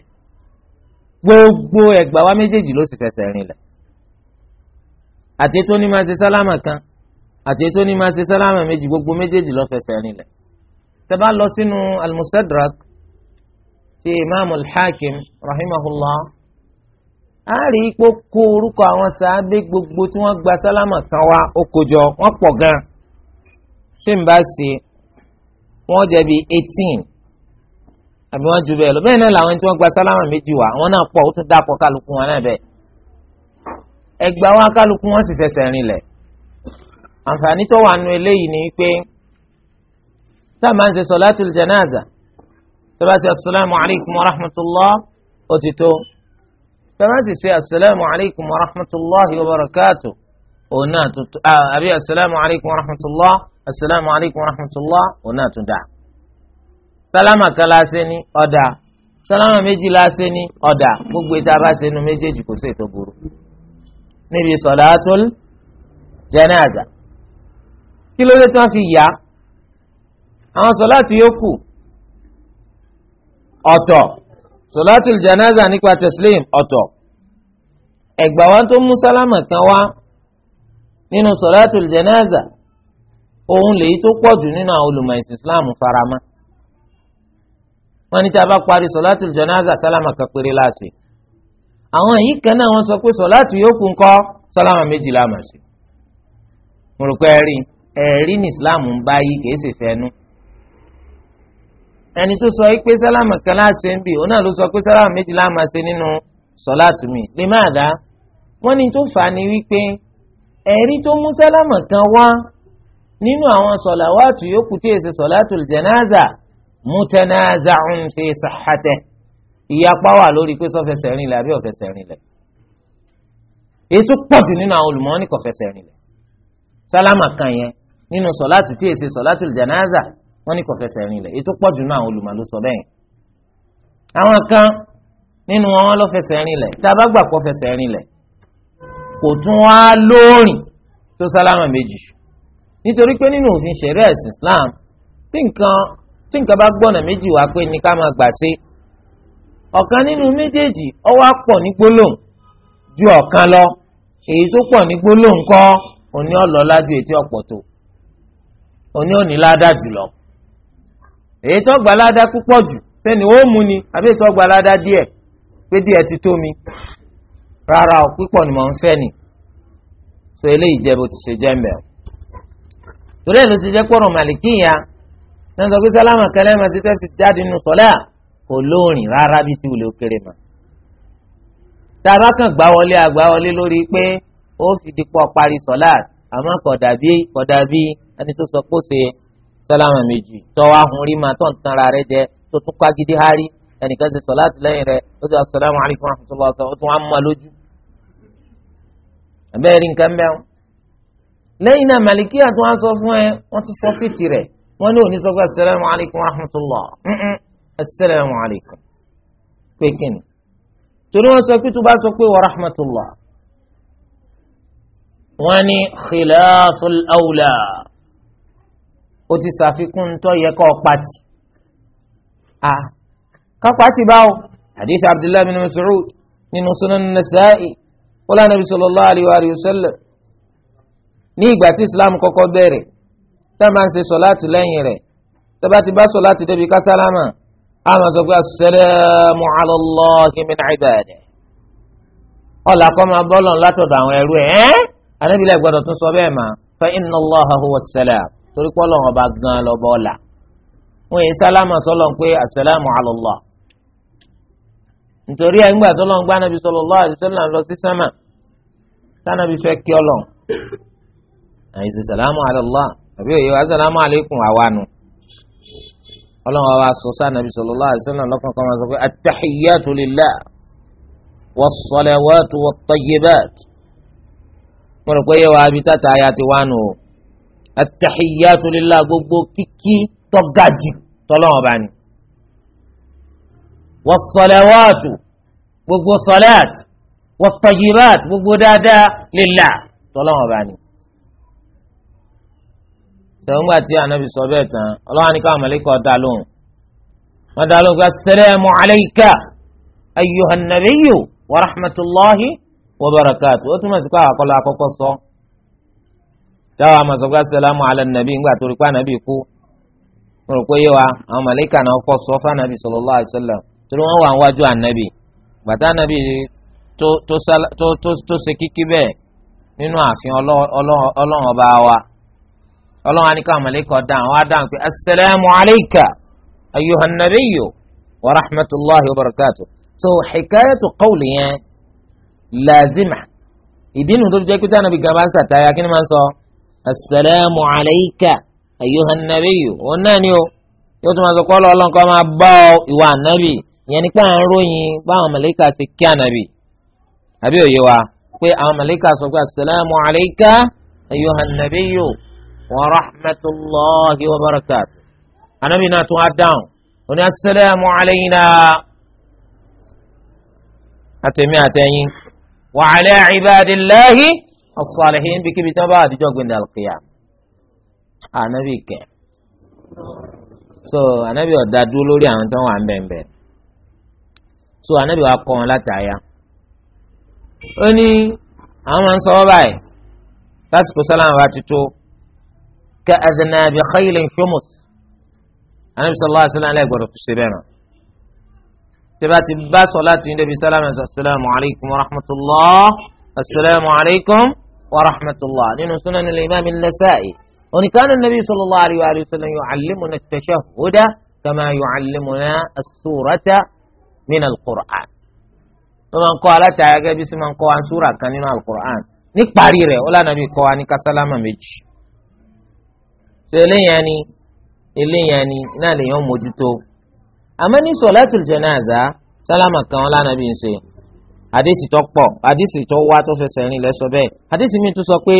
gbogbo ẹgbà wa méjèèjì ló sì fẹsẹ̀ rìn lẹ̀ àti tó ní máa ṣe sálámà kan àti tó ní máa ṣe sálámà méjì gbogbo méjèèjì ló fẹsẹ̀ rinlẹ̀ tẹ́bá lọ sínú al-mustadrak ti imaamu al-hakim rahimahullah a rí ipò kó orúkọ àwọn sàábé gbogbo tí wọ́n gba sálámà kan wá ó kojọ wọ́n pọ̀ gan ṣé n bá ṣe wọ́n jẹ́ bíi eighteen àbí wọ́n ju bẹ́ẹ̀ lọ bẹ́ẹ̀ náà làwọn tí wọ́n gba sálámà méjì wá àwọn náà pọ̀ ó tún dá pọ̀ kálukú wọn náà bẹ́ẹ̀ ẹgbàá wọn kálukú wọn sì ṣẹ̀ṣẹ̀ rinlẹ̀ àǹfààní tó wà nù eléyìí ni pé tá a máa ń ṣe sọláàtúl janaza tó bá ti asalaamu alaykum wa rahmatulah ó ti tó tó bá ti ṣe asalaamu alaykum wa rahmatulah wa barakatu òun náà tó àbí asalaamu alaykum wa rahmatulah asalaamu alaykum wa rahmatulah òun náà tó dáa sálámà kan láṣẹ ní ọ̀dà sálámà méjì láṣẹ ní ọ̀dà gbogbo ìta bá ṣe nu méjèèjì kò sí ètò burú níbi sọ̀láàtún jẹ́nàza kí ló dé tí wọ́n fi yá àwọn sọ̀láàtì yòókù ọ̀tọ̀ sọ̀láàtún jẹ́nàza nípa tẹ̀sílẹ̀m ọ̀tọ̀ ẹ̀gbà wa tó mú sálámà kan wá nínú sọ̀láàtún jẹ́nàza òun lèyí tó pọ̀ jù nínú àwọn olùmọ̀ ẹ̀sìn Islam farama wọ́n ní tí a bá parí sọ̀láàtún jẹ́nàza sálámà kan péré láti àwọn yìí kan náà wọ́n sọ pé sọ̀láàtì yòókù ńkọ́ sọ́láwọn méjì la máa ṣe. mo rò pé ẹ̀rí ẹ̀rí ní islam ń bá yí kìí ṣe fẹ́nu. ẹni tó sọ pé sálámà kan láṣẹ ń bì òun náà ló sọ pé sálámà méjì la máa nínú sọ̀láàtì mi lè má dá. wọ́n ní tó fà á ni wípé ẹ̀rí tó mú sálámà kan wá nínú àwọn sọ̀làwátù yòókù tí èsì sọ̀làtù jẹ̀náza mutanazaun fi sàhàtẹ̀ ìyapa wà lórí pé sọfẹsẹ̀ rìn lẹ̀ àbí ọ̀fẹsẹ̀ rìn lẹ̀ ètò pọ̀jù nínú àwọn olùmọ́ọ́nì kọ̀fẹsẹ̀ rìn lẹ̀ sálámà kan yẹn nínú sọ̀láàtì tí èsì sọ̀láàtì jànáza wọ́n ní kọ̀fẹsẹ̀ rìn lẹ̀ ètò pọ̀jù nínú àwọn olùmọ̀ ló sọ bẹ́ẹ̀ àwọn kan nínú wọn ló fẹsẹ̀ rìn lẹ̀ tá a bá gbà kọ́ fẹsẹ̀ rìn lẹ̀ kò tún wá lóòrìn tó sálámà méjì nítorí pé nínú òfin ṣẹ̀ríà ẹ̀sìn Islam tí nǹkan tí nǹkan bá gbọ́nà méjì wá pé ní ká máa gbà sí ọ̀kan nínú méjèèjì ọwọ́ pọ̀ ní ju ọ̀kan lọ èyí tó pọ̀ ní gbólóhùn kọ́ òní ọ̀lọ́lá ju ọ̀pọ̀ tó òní òní ládàá jùlọ èyí tó gba ládàá púpọ̀ jù sẹ́ni ó mú ni àbí tó gba ládàá díẹ̀ pé ti tó mi rárá o ni mò ń ni eléyìí jẹ́ bó ti ṣe jẹ́ mbẹ́ torí ẹ̀ ló ti jẹ́ pọ̀rọ̀ sálámà kẹlẹ́ tẹ́sí jáde olóòrìn rárá bí ti wùlé òkèrè mọ́. tá a bá kàn gbá wọlé àgbá wọlé lórí pé ó fi dípọ̀ parí sọ́láàt àmọ́ kò dàbí kò dàbí ẹni tó sọ pé ó ṣe sálámà méjì tọ́wọ́ ahùn rí máa tán tanra rẹ jẹ tó tún pagídí hárí ẹnìkan ṣe sọ́láàt lẹ́yìn rẹ ó ti assalamu alaikum warahmatullahi ó tún wá mú wa lójú. àbẹ́rẹ́ rí nǹkan mẹ́wọ́n lẹ́yìn náà màlìkí àti wọn sọ fún ẹ wọ́n ti sọ fìtì rẹ̀ wọ́n ní òní sọ pé assalamu alaikum warahmatullahi asalaamu alaykum pé kíni torí wọn sọ pé tó bá sọ pé wa rahmatullah wọn ní khilaful awla o ti ṣàfikún tó yẹ kó pati a ká pati báwo hadith abdullahi bin mas'ud nínú sunan nasa'i wala nabi sallallahu alayhi wa sallam ní ìgbà tí islam kọ́kọ́ bẹ̀rẹ̀ tá a máa ń ṣe sọ láti lẹ́yìn rẹ̀ tá a bá ti bá sọ láti débi ká sálámà. Ama sọ pé ala Allahi min ibadihi ọ̀là Ola máa bọ́lọ̀ látọ̀dọ̀ àwọn ẹrú ẹ ẹ́ anábìlẹ̀ gbọ́dọ̀ tún sọ fa inna Allaha hu wa torí pé ọba gan lọ bọ́ ọ̀là yìí sálámà pé ala Allah nítorí ẹ̀ tó lọ́n gbá nàbí lọ sí fẹ́ kí sàlámù ọlọ́run wa sọ sáà nàbí sallallahu alaihi wasallam lọ́kàn kan máa sọ pé at-tahiyyatu lillah was-salawatu wat-tayyibat mo rò pé yẹ wàá bi tata ayé àti wánu o at-tahiyyatu lillah gbogbo kíkí tọ́gàjù tọ́lọ́wọ́n bá ní. was-salawatu gbogbo sọlẹ́t wat-tayyibat gbogbo dáadáa lillah tọ́lọ́wọ́n bá ní. tẹ̀wọ́n gbà tí anabi sọ bẹ́ẹ̀ tán ọlọ́wọ́n ni káwọn mọ̀lẹ́kọ̀ dá lóhùn wọ́n dá lóhùn pé assalamu alayka ayyuhan wa rahmatulahi wa barakatu ó túmọ̀ sí káwọn sọ dáwọ́ àmọ̀ sọ nabi anabi kú sallallahu ọlọ́run àníkà àmàlẹ́kọ̀ dáhùn wá dáhùn pé asalaamu alayka ayuhan nabiyyu wa rahmatulahi wa barakatu. so xikayatu qawli yẹn laazima ìdí nu tó fi jẹ́ pé táwọn nàbí gàmà ń sàtáyà kí ni máa ń sọ asalaamu alayka ayuhan nabiyyu wọn náà ni o yóò tún máa sọ kọ́lọ́ ọlọ́run kọ́ máa bá ọ ìwà ànábì ìyẹn nípa àwọn ròyìn báwọn màlẹ́kà ṣe kí ànábì àbí òye wa pé àwọn màlẹ́kà sọ pé asalaamu alayka ayuhan wa rahmatulahi wa barakatu anabi náà tún á dáhùn oní asalaamu alayna atemi àtẹ̀yìn wa ala ibadillahi as-salihin bíkíbi tí wọ́n bá àdìjọ́ gbẹ̀ndẹ̀ alqiyam anabi ke so anabi ọ̀dà dúró lórí awon tí wa wà ń so anabi wa kọ́ lataya látàáyà ó ní àwọn máa ń sọ ọ́ ti tó. كأذنى بخيل شمس أنا صلى الله عليه وسلم لا يقول في الشبانة تباتي با صلاة النبي صلى الله عليه السلام عليكم ورحمة الله السلام عليكم ورحمة الله لأن سنن الإمام النسائي وإن كان النبي صلى الله عليه وآله وسلم يعلمنا التشهد كما يعلمنا السورة من القرآن ومن قال تعالى بسم من قوان سورة كان من القرآن نكبري رأي ولا نبي قوان كسلام مجي ṣe eléyàn ni eléyàn ni náà lèyàn mójútó àmọ́ ní sọ̀látùl jánásà sálámà kan lánàá bí n ṣe àdéhìí tó pọ̀ àdéhìí tó wá tó fẹsẹ̀ rìn lẹ́sọ bẹ́ẹ̀ àdéhìí mi tún sọ pé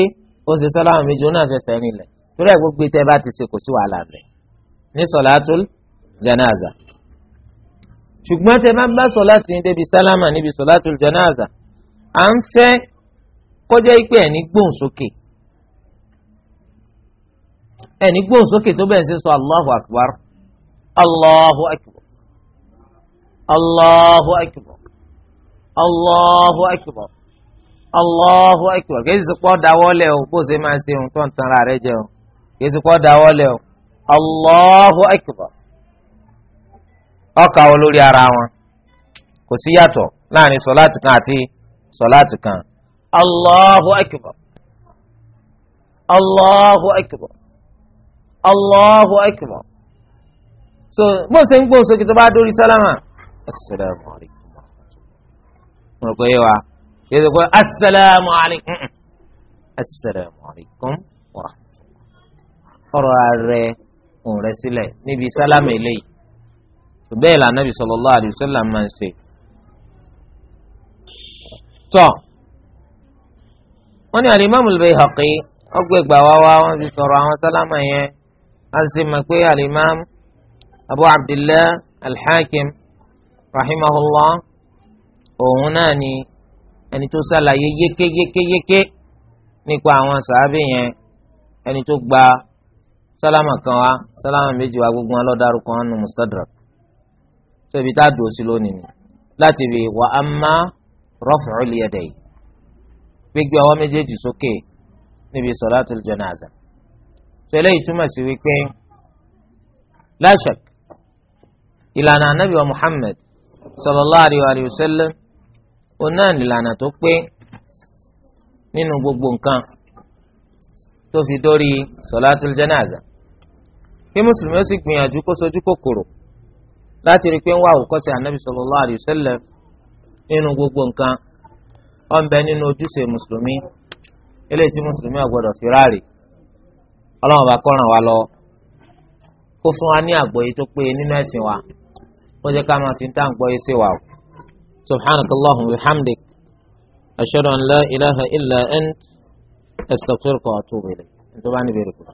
ó ṣe sálámà méjì ó náà fẹsẹ̀ rìn lẹ̀ torí ẹ̀ gbogbo tẹ́ bá ti ṣe kò sí wàhálà rẹ̀ ní sọ̀látùl jánásà ṣùgbọ́n tẹ́ bá bá sọ̀látù yín débi sálámà níbi sọ̀látùl jánásà à ń fẹ́ kọjá ìpè ẹ̀ ní gbóhùn sókè ẹni gbóhùn sókè tó bẹ́ẹ̀ ṣe sọ allahu akubar allahu akubar allahu akubar allahu akubar allahu akbar kì í sì pọ́ dáwọ́lẹ̀ o bó ṣe máa ṣe nǹkan tán ra rẹ jẹun kì í ka pọ́ o ara wọn kò sí yàtọ̀ láàrin sọláàtì kan àti sọláàtì kan allahu akubar allahu akubar Allahu akbar so bó ṣe ń gbó sókè tó bá dórí sálámà asalaamu alaykum wa rahmatulah mo rò pé yé wa yé ló pé asalaamu alaykum asalaamu alaykum wa rahmatulah ọ̀rọ̀ ààrẹ òun rẹ sílẹ̀ níbi sálámà eléyìí bẹ́ẹ̀ la Nabi sallallahu alayhi máa ń ṣe tọ́ wọ́n ní al-Imam al-Bayhaqi ọgbẹ́gbà wá wá wọ́n ti sọ̀rọ̀ àwọn sálámà yẹn a sì mọ̀ pé alimam abu abdillah alhakim rahimahullah òun náà ni ẹni tó ṣàlàyé yékéyékéyéké nípa àwọn sàábì yẹn ẹni tó gba sálámà kan wá sálámà méjì wá gbogbo wọn lọ́dárúkọ wọn nù mustadrak tó ibi tá a dùn sí lónìí ni láti bi wà á má rọ́fùrù lìyẹ̀dẹ̀ yìí gbégbé ọwọ́ méjèèjì sókè níbi sọ̀látul jánásà tẹ́lẹ̀ ìtumọ̀ sí wípé láṣak ìlànà anabi wa muhammed sallallahu alayhi wa sallam ọ̀nà ìlànà tó pé nínú gbogbo nǹkan tó fi dórí sọlátul janaza kí mùsùlùmí ó sì gbìyànjú kó sojú kòkòrò láti rí i pé ń wá àwòkọ́ṣe anabi sallallahu alayhi wa sallam nínú gbogbo nǹkan ó nínú ojúṣe mùsùlùmí eléyìí tí mùsùlùmí àgbọ́dọ̀ fi ráàrí ọlọ́run bá kọ́ ràn wá lọ kó fún wa ní àgbọ́yé tó péye nínú ẹ̀sìn wa kó jẹ́ ká máa fi ń tá àgbọ́yé sí wa o wa hamdik ashhadu an la ilaha illa ant astaghfiruka wa atubu ilayk nítorí wàá níbi ìrìkú.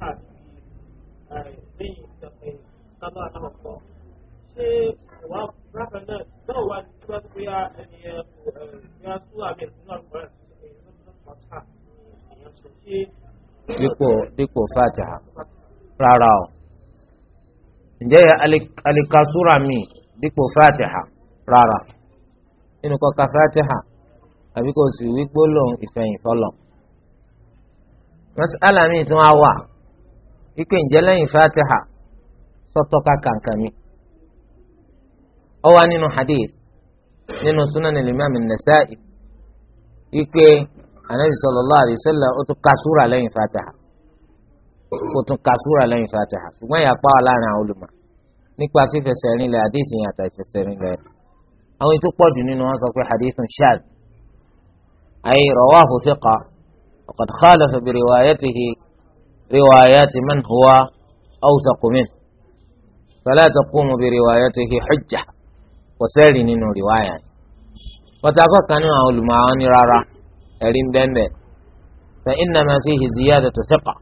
Thank you. bí dípò dípò rárá o ǹjẹ́ alikasura mi dípò fatiha rárá nínú kọ́ ka fatiha àbí kò ìfẹ̀yìn fọlọ́ mas'ala mi tún á wà. wípé ǹjẹ́ lẹ́yìn fatiha sọ́tọ́ ká kankan mi. ó wà nínú hadith nínú sunan al-imam an-nasa'i wípé anabi sallallahu alayhi wa sallam ó tún ka súra lẹ́yìn fatiha ó tún ka súra lẹ́yìn fatiha ṣùgbọ́n ìyàpá wà láàrin àwọn olùmọ̀ nípa fífẹsẹ̀ rìn lẹ̀ hadith yẹn àtàìfẹsẹ̀ rìn lẹ̀ àwọn ètò pọ̀jù nínú wọn sọ pé hadithun shadh ay rawahu thiqa wa qad khalafa bi riwayatihi. روايات من هو أوثق منه فلا تقوم بروايته حجة وساري نينو رواية وتفكر نوع المعاني رارا أرين بمبه فإنما فيه زيادة ثقة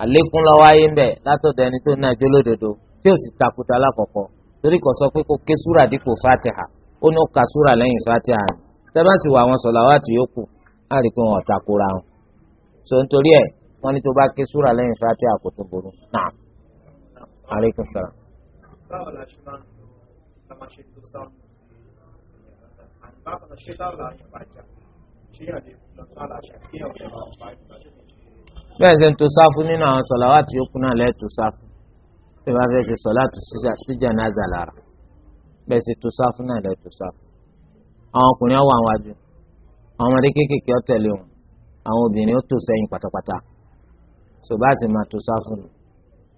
عليكم لوايين به لا تدعني تونا جلودو tí o sì takuta lákọ̀ọ́kọ́ torí kò sọ pé kò ké súrà dípò fatiha ó ní ó ka súrà so wọ́n ní tó bá ké súrà lẹ́yìn fati àkótó burú náà aleykum salaam. báwo la ṣe máa ń lo ọmọ ṣe tó sáwọn àti báwo la ṣe báwo la ṣe bá jà ṣé àlè lọ́tọ́ aláṣà kí ọ̀rẹ́ máa bá ìgbà tó ti bẹ́ẹ̀ ṣe ń to sáfù nínú àwọn sọ̀làwà tí ó kú náà lẹ́ẹ̀ to sáfù tí wọ́n bá ṣe sọ̀là tó síjà náà zà lára ṣe to sáfù náà lẹ́ẹ̀ to sáfù. àwọn ọkùnrin ọwọ́ àwọn àjò àwọn ọmọdé kéékèèké ó wọn àwọn obìnrin ó tò sẹ́yìn pátápátá so bá a sì máa tó sáfù nù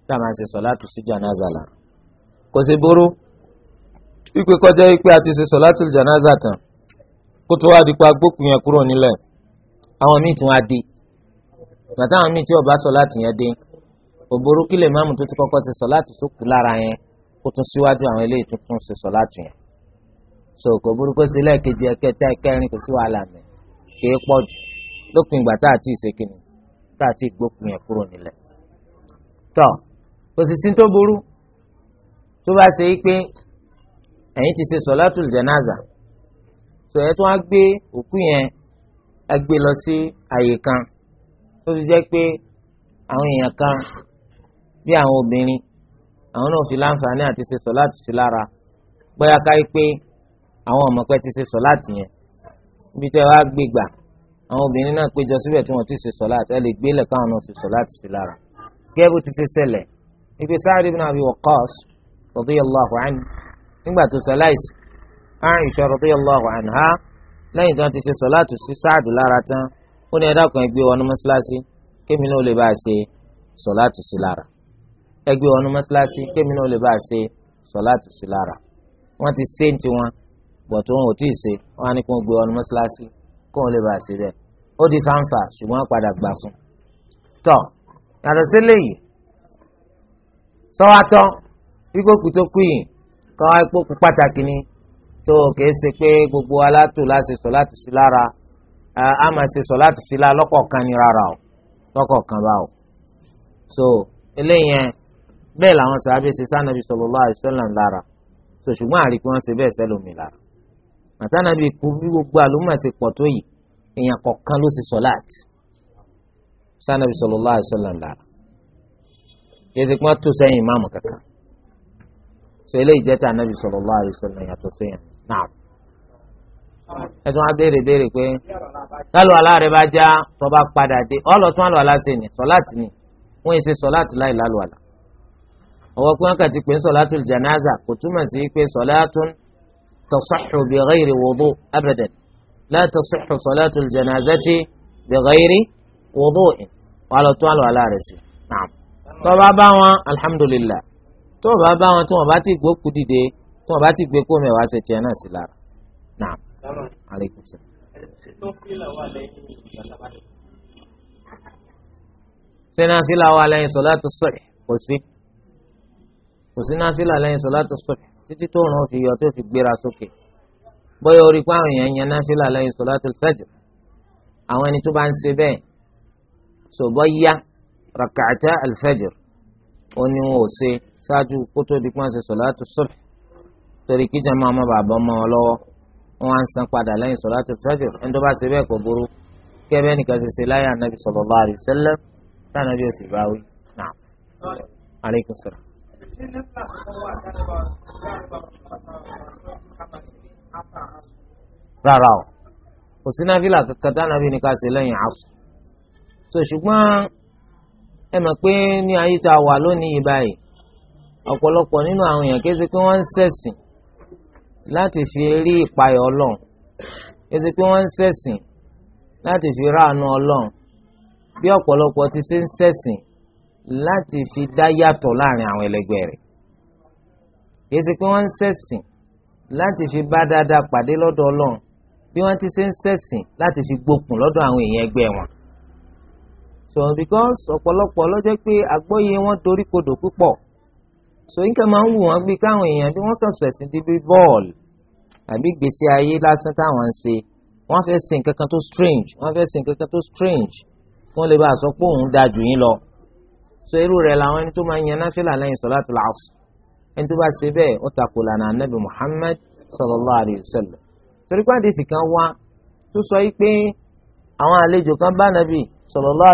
tá a máa ṣe sọ̀látù sí jànáza la kò sí burú wípé kọjá wípé a ti ṣe sọ̀látù jànáza tán kó tó wá di pa gbókùn yẹn kúrò nílẹ̀ àwọn míì tún á dé gbàtà àwọn míì tí ó bá sọ̀látù yẹn dé òbúrú kí lè tuntun ṣe sọ̀látù yẹn so kò burú kó ṣe lẹ́ẹ̀kejì ẹ̀kẹta ẹ̀kẹrin kò sí wàhálà mẹ́ kéé pọ̀ jù lópin ìgbà tá a ti gbókun yẹn kúrò nílẹ̀. tọ́ kò sì sí tó burú tó bá ṣe pé ẹ̀yin ti ṣe sọ̀látùl jẹ̀náza sọ ẹ̀ tó wá gbé òkú yẹn ẹ lọ sí àyè kan tó fi jẹ́ pé àwọn èèyàn kan bí àwọn obìnrin àwọn náà fi láǹfààní àti ṣe sọ̀látù sí lára bóyá ká pé àwọn ọmọ pẹ́ ti ṣe sọ̀látù yẹn ibi tẹ́ wàá gbé gbà àwọn obìnrin náà péjọ síbẹ̀ tí wọ́n ti ṣe sọ̀láàtì ẹ lè gbélẹ̀ káwọn náà ṣe sọ̀láàtì sí lára gẹ́gẹ́ bó ti ṣe ṣẹlẹ̀ ibi Sa'd ibn Abi Waqqas radiyallahu anhu nígbà tó ṣaláìsì Aisha radiyallahu anha lẹ́yìn tí wọ́n ti ṣe sọ̀láàtì sí Sa'd lára tán ó ní ẹ̀dàkùn ẹgbẹ́ wọnú mọ́ṣáláṣí kémi ní kí kó wọn lè bá a ṣe bẹ́ẹ̀ ó di fáńfà ṣùgbọ́n padà gbà fún un. tọ́ yàtọ̀ sí léyìí sọ́wọ́tọ́ ikókù tó kú yìí kọ́ ikókù pàtàkì ni tó kìí ṣe pé gbogbo alátò láti sọ láti sí lára a máa ṣe sọ láti sí lára lọ́kọ̀ọ̀kan ni rárá o lọ́kọ̀ọ̀kan bá o. so eléyẹn bẹ́ẹ̀ làwọn sàábẹ̀ ṣe sànàbí sallallahu alaihi wasallam so ṣùgbọ́n àríkú wọn ṣe bẹ́ẹ̀ sẹ́lómi lára màtánà bíi kú bí gbogbo àlùmọ̀ọ́sẹ̀ pọ̀ tó yìí èèyàn kọ̀ọ̀kan ló sì sọ̀láàtì sanabi sallallahu alaihi wasallam lára yẹsi kí wọ́n tó sẹ́yìn ìmáàmù kankan so eléyìí jẹ́ tá anabi sallallahu alaihi wasallam yàtọ̀ sẹ́yìn náà ẹtún wá béèrè béèrè pé tálù aláàrẹ bá já tọba padà dé ọlọtún àlọ aláṣẹ ni sọláàtì ni wọn èsì sọláàtì láì lálù àlà ọwọ pé wọn kàti pé sọláàtì jẹnáza kò تصح بغير وضوء أبدا لا تصح صلاة الجنازة بغير وضوء وعلى طول وعلى رسي نعم tọ́ba bá wọn alhamdulillah tọ́ba bá wọn tí wọ́n bá ti gbókù dìde tí wọ́n bá ti gbé kó mẹ́wàá ṣe tiẹ̀ náà sí lára naam aleykum salaam. ṣé násìlà wà lẹ́yìn sọ̀lá tó sọ̀rọ̀ kò sí kò sí násìlà lẹ́yìn sọ̀lá tó sọ̀rọ̀ títí tó rùn fi yọ tó fi gbéra sókè bóyá orí pa àwọn èèyàn yẹn náfìlà lẹ́yìn sọ̀látù fẹ́jọ́ àwọn ẹni tó bá ń ṣe bẹ́ẹ̀ sọ̀bọ́ yá rakata alfẹ́jọ́ ó ní wọn ò ṣe ṣáájú kó tó di pọ́n ṣe sọ̀látù sọ̀rọ̀ torí kíjà máa mọ bàbá ọmọ wọn lọ́wọ́ wọn á ń san padà lẹ́yìn sọ̀látù fẹ́jọ́ ẹni tó bá ṣe bẹ́ẹ̀ kò burú kẹ́bẹ́ nìkan ṣe ṣe láyà nàbì sallallahu alaihi wasallam tánàbì ò sì bá wí. Alaikum rárá o kò sí náfìlà kankan tánàbí ni ká ṣe lẹ́yìn asù so ṣùgbọ́n ẹ mọ̀ pé ní ayé tá a wà lónìí yìí báyìí ọ̀pọ̀lọpọ̀ nínú àwọn èèyàn kéde pé wọ́n ń ṣẹ̀sìn láti fi rí ìpayọ̀ ọlọ́run kéde pé wọ́n ń ṣẹ̀sìn láti fi ráàánú ọlọ́run bí ọ̀pọ̀lọpọ̀ ti ṣe ń ṣẹ̀sìn láti fi dá yàtọ̀ láàrin àwọn ẹlẹgbẹ́ rẹ̀ kìí ṣe pé wọ́n ń ṣẹ̀sìn láti fi bá dáadáa pàdé lọ́dọ̀ ọlọ́run bí wọ́n ti ṣe ń ṣẹ̀sìn láti fi gbókun lọ́dọ̀ àwọn èèyàn ẹgbẹ́ wọn. so because ọ̀pọ̀lọpọ̀ lọ́jọ́ pé àgbọ́yé wọn dorí kodò púpọ̀ so nǹkan máa ń wù wọ́n bí káwọn èèyàn bí wọ́n kàn ṣẹ̀sìn di bí bọ́ọ̀lù àbí gbèsè ayé lásán táwọn ń ṣe wọ́n fẹ́ sìn kankan tó strange wọ́n fẹ́ sìn kankan tó strange kí wọ́n lè bá a sọ pé òun dáa jù yín lọ so irú rẹ̀ làwọn ẹni tó máa yan náfìlà lẹ́yìn sọ̀láàtù làásù ẹni tó bá ṣe bẹ́ẹ̀ ó takò lànà anabi muhammed sallallahu alayhi torí pàdésì kan wá tó sọ yìí pé àwọn àlejò kan bá nàbì sallallahu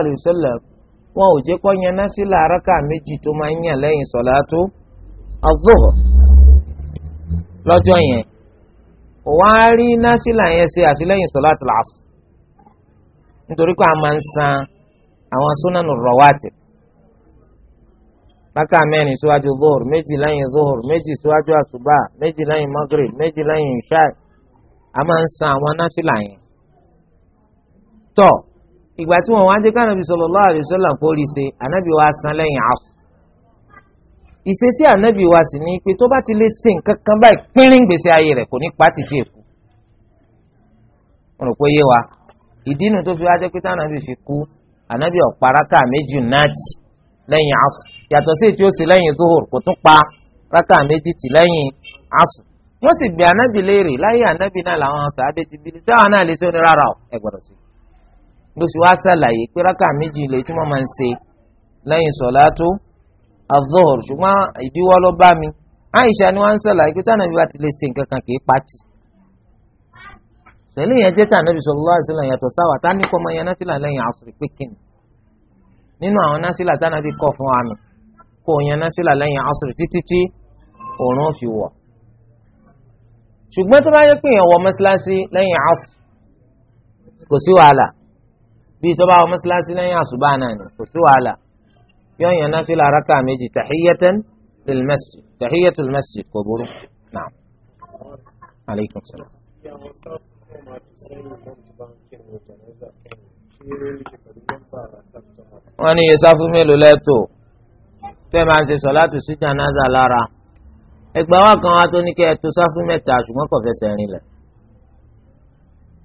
wọn ò jẹ́ yan araka méjì tó máa yan lẹ́yìn sọ̀láàtù az-zuhr yẹn á rí yẹn ṣe làásù nítorí pé a máa ń san àwọn rákà mẹ́rin síwájú zohor méjì lẹ́yìn zohor méjì síwájú àṣùbà méjì lẹ́yìn magrib méjì lẹ́yìn ishai a máa ń san àwọn náfìlà yẹn. tọ́ ìgbà tí wọ́n wá dé kánàbí sallallahu alaihi wasallam kórìí ṣe ànábì wa san lẹ́yìn asù. ìṣesí ànábì wa sì ni pé tó bá ti lè ṣe nǹkan kan báyìí pínrín gbèsè ayé rẹ̀ kò ní pàtì tí èkó. rò pé yé wa ìdí inú tó fi wá jẹ́ pé tánàbì fi kú yàtọ̀ sí ètò leyin lẹ́yìn zuhur kò tún pa rákà méjì tì lẹ́yìn asùn wọ́n sì anabi anábì léèrè láyé anábì náà làwọn sàábé ti bìrì sáwọn náà lè ní rárá o ẹ gbọ́dọ̀ sí. ló sì ṣàlàyé pé rákà méjì lè tí wọ́n máa ń ṣe lẹ́yìn sọ̀látó azọ́ọ̀r ṣùgbọ́n ìdíwọ́ ló bá mi àyíṣà ni wọ́n ń ṣàlàyé pé tànàbí ti lè ṣe nǹkan pati. jẹ́ tànàbí yàtọ̀ sáwà kó o yan násìlà lẹ́yìn asùrù títí tí òórùn fi wọ̀ ṣùgbọ́n tó bá yẹ pé èèyàn wọ mọ́ṣáláṣí lẹ́yìn asùrù kò sí wàhálà bíi tó bá wọ mọ́ṣáláṣí lẹ́yìn àṣùbà náà ni kò sí wàhálà yọ yan násìlà rákà méjì tàhíyẹ́tẹ́n lilmasjid tàhíyẹ́tù lilmasjid kò burú náà aleykum salaam. wọ́n ní iye sáfù mélòó lẹ́tọ̀ọ́ tẹ́ máa ń ṣe sọ̀láàtù sí jànáza lára ẹgbẹ́ wa kan wá tó ní kí ẹ tó sáfù mẹ́ta ṣùgbọ́n kò fẹsẹ̀ rìn lẹ̀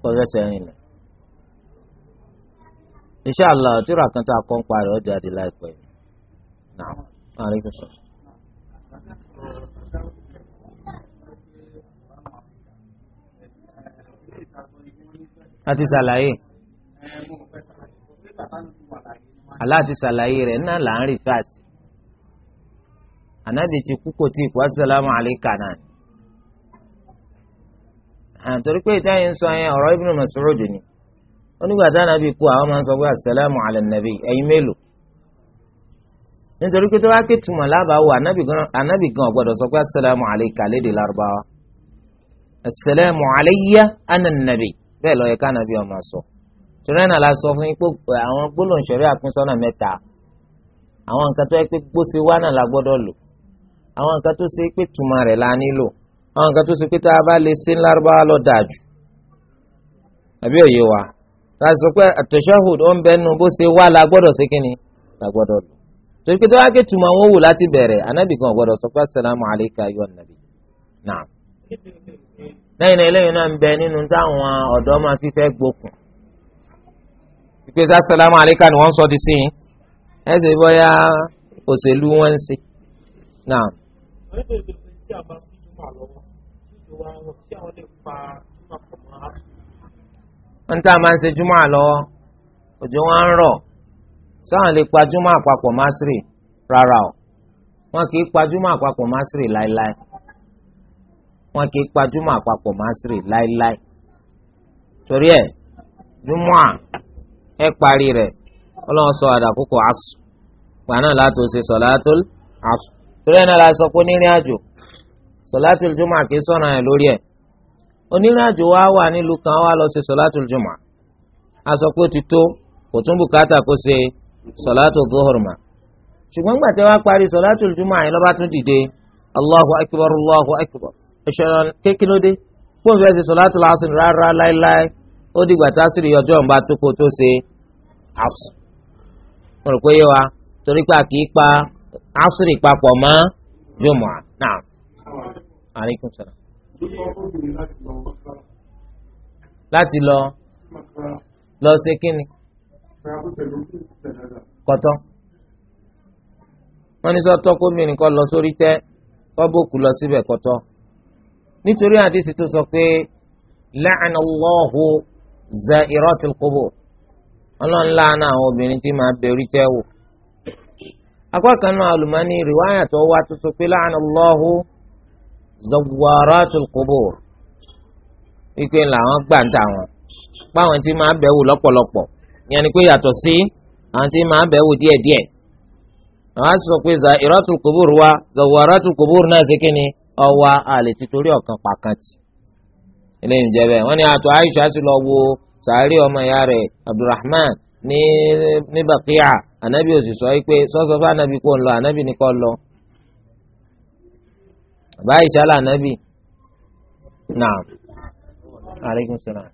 kò fẹsẹ̀ rìn lẹ̀ inṣàlá ọ̀túrà kan tá kọ́ ń parí ọjà di láìpẹ́ náà àríkù sọ. a ṣàlàyé aláàtì ṣàlàyé rẹ̀ náà là ń rìsáàsì anabi ti kú kò tí kú asalaamu alayka náà àtòrí pé ìtàn yìí ń sọ yẹn ọ̀rọ̀ Ibn Mas'ud ni onígbà tá anabi kú àwọn máa ń sọ pé asalaamu ala nabi ẹ̀yin mélòó nítorí pé tó bá ké tuma lábàáwò anabi gan ọgbọdọ sọ pé asalaamu alayka lédè Lárúbáwá asalaamu alayya ana nabi bẹ́ẹ̀ ló yẹ ká anabi ó máa sọ torí náà la sọ fún yín pé àwọn gbólóhùn ṣẹ̀rí àpínsọ́nà mẹ́ta àwọn nǹkan tó yẹ pé gbóṣe wá náà la gbọ́dọ̀ lò àwọn nǹkan tó ṣe pé tuma rẹ̀ la nílò àwọn nǹkan tó ṣe pé tá a bá lè ṣe ńlárúbáwá lọ dáa àbí òye wa tá sọ pé àtẹ̀sọ́hùd ó ń bẹ nu bó ṣe wá la gbọ́dọ̀ ṣe kí ni la gbọ́dọ̀ lò torí pé tó wá ké tuma wọn wò láti bẹ̀rẹ̀ anábì kan gbọ́dọ̀ sọ pé asalaamu alayka ayo anabi naam lẹ́yìn eléyìí náà ń bẹ nínú táwọn ọ̀dọ́ máa fi fẹ́ gbókùn ìpèsè asalaamu alayka ni wọ́n nítorí pé pé tí a bá fi jùmọ̀ lọ́wọ́ tí ìwà wọn tí àwọn lè pa jùmọ̀ pọ̀ mọ́ á. wọ́n tá a máa ń ṣe jùmọ̀ lọ́wọ́ òjò wọn ń rọ̀ sáwọn lè pa jùmọ̀ àpapọ̀ másìrì rárá o wọn kì í pa jùmọ̀ àpapọ̀ másìrì láéláé wọn kì í pa jùmọ̀ àpapọ̀ másìrì láéláé torí ẹ̀ jùmọ̀ ẹ parí rẹ̀ ọlọ́run sọ àdàkùkọ àṣù gbaná láti ṣe sọ̀látòl àṣù. torí ẹ̀ náà la sọ pé onírìn àjò sọláàtúl jùmọ̀ kì í ẹ̀ lórí ẹ̀ onírìn àjò wa wà nílùú kan wa lọ sí a sọ pé ó ti tó kò tún bùkátà kó ṣe sọláàtúl zuhur ṣùgbọ́n gbà tí wàá parí sọláàtúl lọ́ba tún dìde allahu akbar allahu akbar ìṣẹ̀lẹ̀ kékinóde kó n fẹ́ ṣe sọláàtúl asùn rárá láéláé ó dìgbà tásìrì asiri papọ̀ mọ́ jùmọ̀ náà. aleykum salaam. láti lọ lọ ṣe kíni kọtọ wọn ní sọtọ kómìnrin kọ lọ sórí tẹ kọbókù lọ síbẹ̀ kọtọ nítorí àdìsí tó sọ pé la'anallahu za'iratil qubur ọlọ́run láàánú àwọn obìnrin tí máa bẹ̀rù tẹ́ wò. akọ́kàn náà alùmọ́ni rìwáyà tó wá tó sọ pé láàánú Allahu zawaratul qubur wípé làwọn gbà ń tà wọn páwọn tí máa bẹ̀wò lọ́pọ̀lọpọ̀ ìyẹn ni pé yàtọ̀ sí wa zawaratul qubur náà ṣe kí ni ọwa àlè títorí ọ̀kan pàkàntì ti Aisha sì lọ wo sàárì ọmọ ìyá rẹ̀ ànábì ò sì sọ wípé sọ́sọ́ fún ànábì kò ń lọ ànábì ní kò lọ. bàbá ìṣàlà ànábì náà aleykum salaam.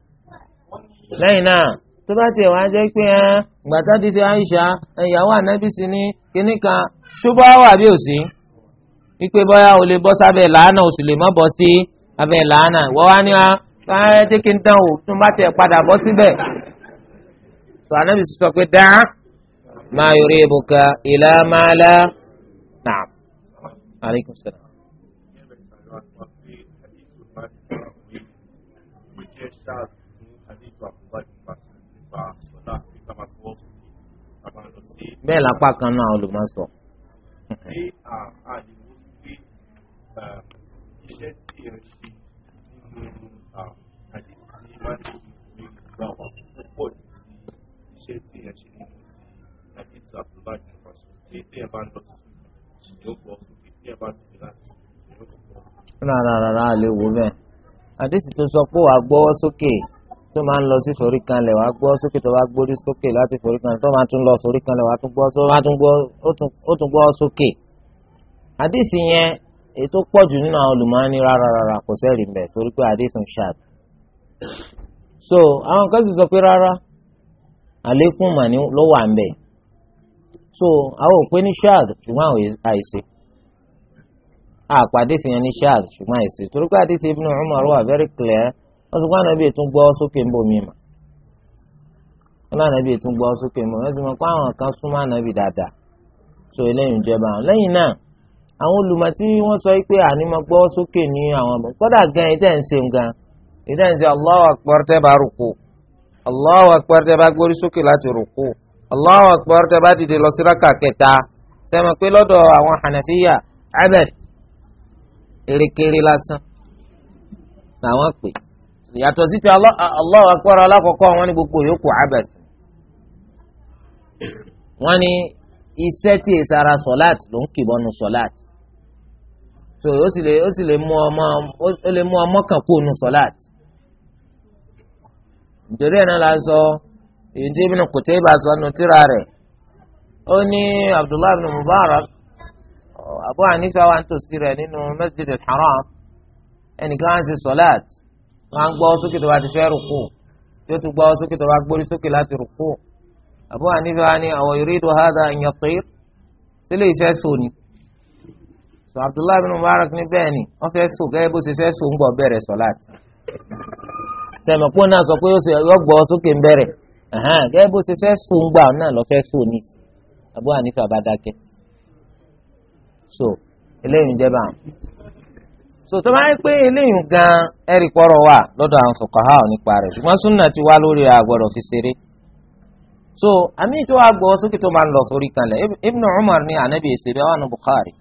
lẹ́yìn náà tó bá tiẹ̀ wá jẹ́ pé ẹ gbàtà ti ṣe àìṣà ìyàwó ànábì sí ní kinní kan ṣùgbọ́n àwọn àbí ò sí wípé bóyá o lè bọ́ sábẹ́ làánà o sì lè má bọ́ sí abẹ́ làánà ìwọ wá ní wa ah, ẹ jẹ́ kí n dán o tún bá tiẹ̀ padà bọ́ síbẹ̀. sọ ànábì sọ pé dáa. ما يريبك إلى ما لا نعم عليكم السلام bẹ́ẹ̀ lápá kan náà olùmọ̀ sọ. ṣé tí ẹ ṣe nínú àdìmú ní májèlé. títí ẹ̀ bá lọ sí ìjókòó títí ẹ̀ bá lọ rárá rárá lè wò bẹ́ẹ̀ àdéhùn tó sọ pé wàá gbọ́wọ́ sókè tó máa ń lọ sí forí kanlẹ̀ wàá gbọ́wọ́ sókè tó wàá gbórí sókè láti forí kanlẹ̀ tó máa tún lọ forí kanlẹ̀ wàá tún gbọ́ tó tún gbọ́ sókè àdéhùn yẹn ètò pọ̀jù nínú so àwọn kan sọ pé rárá àlékún ló wà mbẹ̀ so àwọn òpè ní shaz ṣùgbọ́n àwọn àìsè àpàdé ti yẹn ní shaz ṣùgbọ́n àìsè torí pé very clear wọ́n sọ pé ànábì ètò ń gbọ́ sókè ń bò mí mà wọ́n gbọ́ sókè ń bò mí mà àwọn kan súnmọ́ dáadáa so eléyìí ń jẹba àwọn lẹ́yìn náà àwọn olùmọ̀ tí wọ́n sọ pé àní gbọ́ sókè ní àwọn ọmọ gan Allahu akbar tẹ bá dìde lọ sí kẹta sẹ́mi pé lọ́dọ̀ àwọn hànàfíyà abed erékeré lásán làwọn pè yàtọ̀ sí ti Allahu akbar wọn ní gbogbo yòókù abed wọn ni iṣẹ́ tí ìsara sọ̀láàt ló ń so o sì lè ó sì lè mú ọmọ lè mú ọmọ kan èyí tí Ibn Qutayba sọ nù tírà rẹ̀ ó ní Abdullahi ibn Mubarak Abu Hanifa wa ń tòsí rẹ̀ nínú Masjid al-Haram ẹnìkan á ń ṣe sọ́láàt wọn á gbọ́ sókè tó bá ti fẹ́ rùkú yóò tún gbọ́ sókè tó bá gbórí sókè láti rùkú Abu Hanifa ni àwọn yuridu hadha an yatir sílé ìfẹ́ sọ ni sọ Abdullahi ibn Mubarak ní bẹ́ẹ̀ ni wọ́n fẹ́ sọ gẹ́gẹ́ bó ṣe fẹ́ sọ ń gbọ́ bẹ̀rẹ̀ sọ́láàt sẹ̀mọ̀pọ̀ sọ pé yóò gbọ́ sókè gẹ́gẹ́ bó ṣe fẹ́ sùn gbà náà lọ fẹ́ sùn ní Abu Hanifa so eléyìí jẹ́ so tó bá yẹ pé eléyìí gan ẹ̀rí pọ̀rọ̀ wà lọ́dọ̀ àwọn fuqaha nípa rẹ̀ ṣùgbọ́n súnà ti wá lórí àgbọ̀dọ̀ fi ṣeré so àmì tó wàá gbọ́ sókè tó máa ń lọ sórí kanlẹ̀ Ibn Umar ní anabi ìṣeré àwọn Bukhari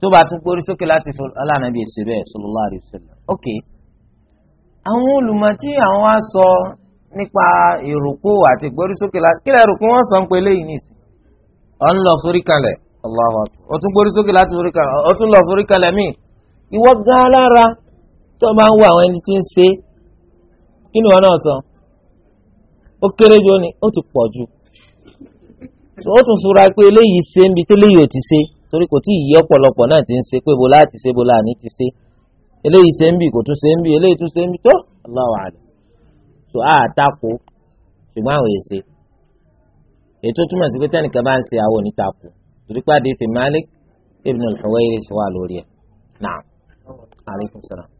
tó bá tún gbórí sókè láti fún ìṣeré ok àwọn àwọn nípa ìrùkú àti gbórísókè la kí lè rùkú wọn sọ ń pe eléyìí nìsín ọ ń lọ sórí kalẹ̀ Allahu Akbar ọ tún gbórísókè láti sórí kalẹ̀ ọ tún lọ sórí kalẹ̀ míì ìwọ gan alára tó o máa ń wo àwọn ẹni tí ń ṣe kí ni wọn náà sọ ó kéré jù ni ó ti pọ̀ jù ó tún fura pé eléyìí ṣe ń bi tí eléyìí ò ti ṣe torí kò tí ì ọ̀pọ̀lọpọ̀ náà ti ń ṣe pé bọ́lá àti ṣe bọ́lá àní ti ṣe eléyìí ṣe ń bì kò tún ṣe ń bì eléyìí tún ṣe ń bì tó Allahu Akbar so a àtakò ṣùgbọ́n àwọn èsè ètò túmọ̀ sí pé tẹ́nìkan bá ń ṣe àwọn onítàkù torípa di ti Malik ibn al-Huwayrith wà lórí ẹ̀ náà aleykum salaam.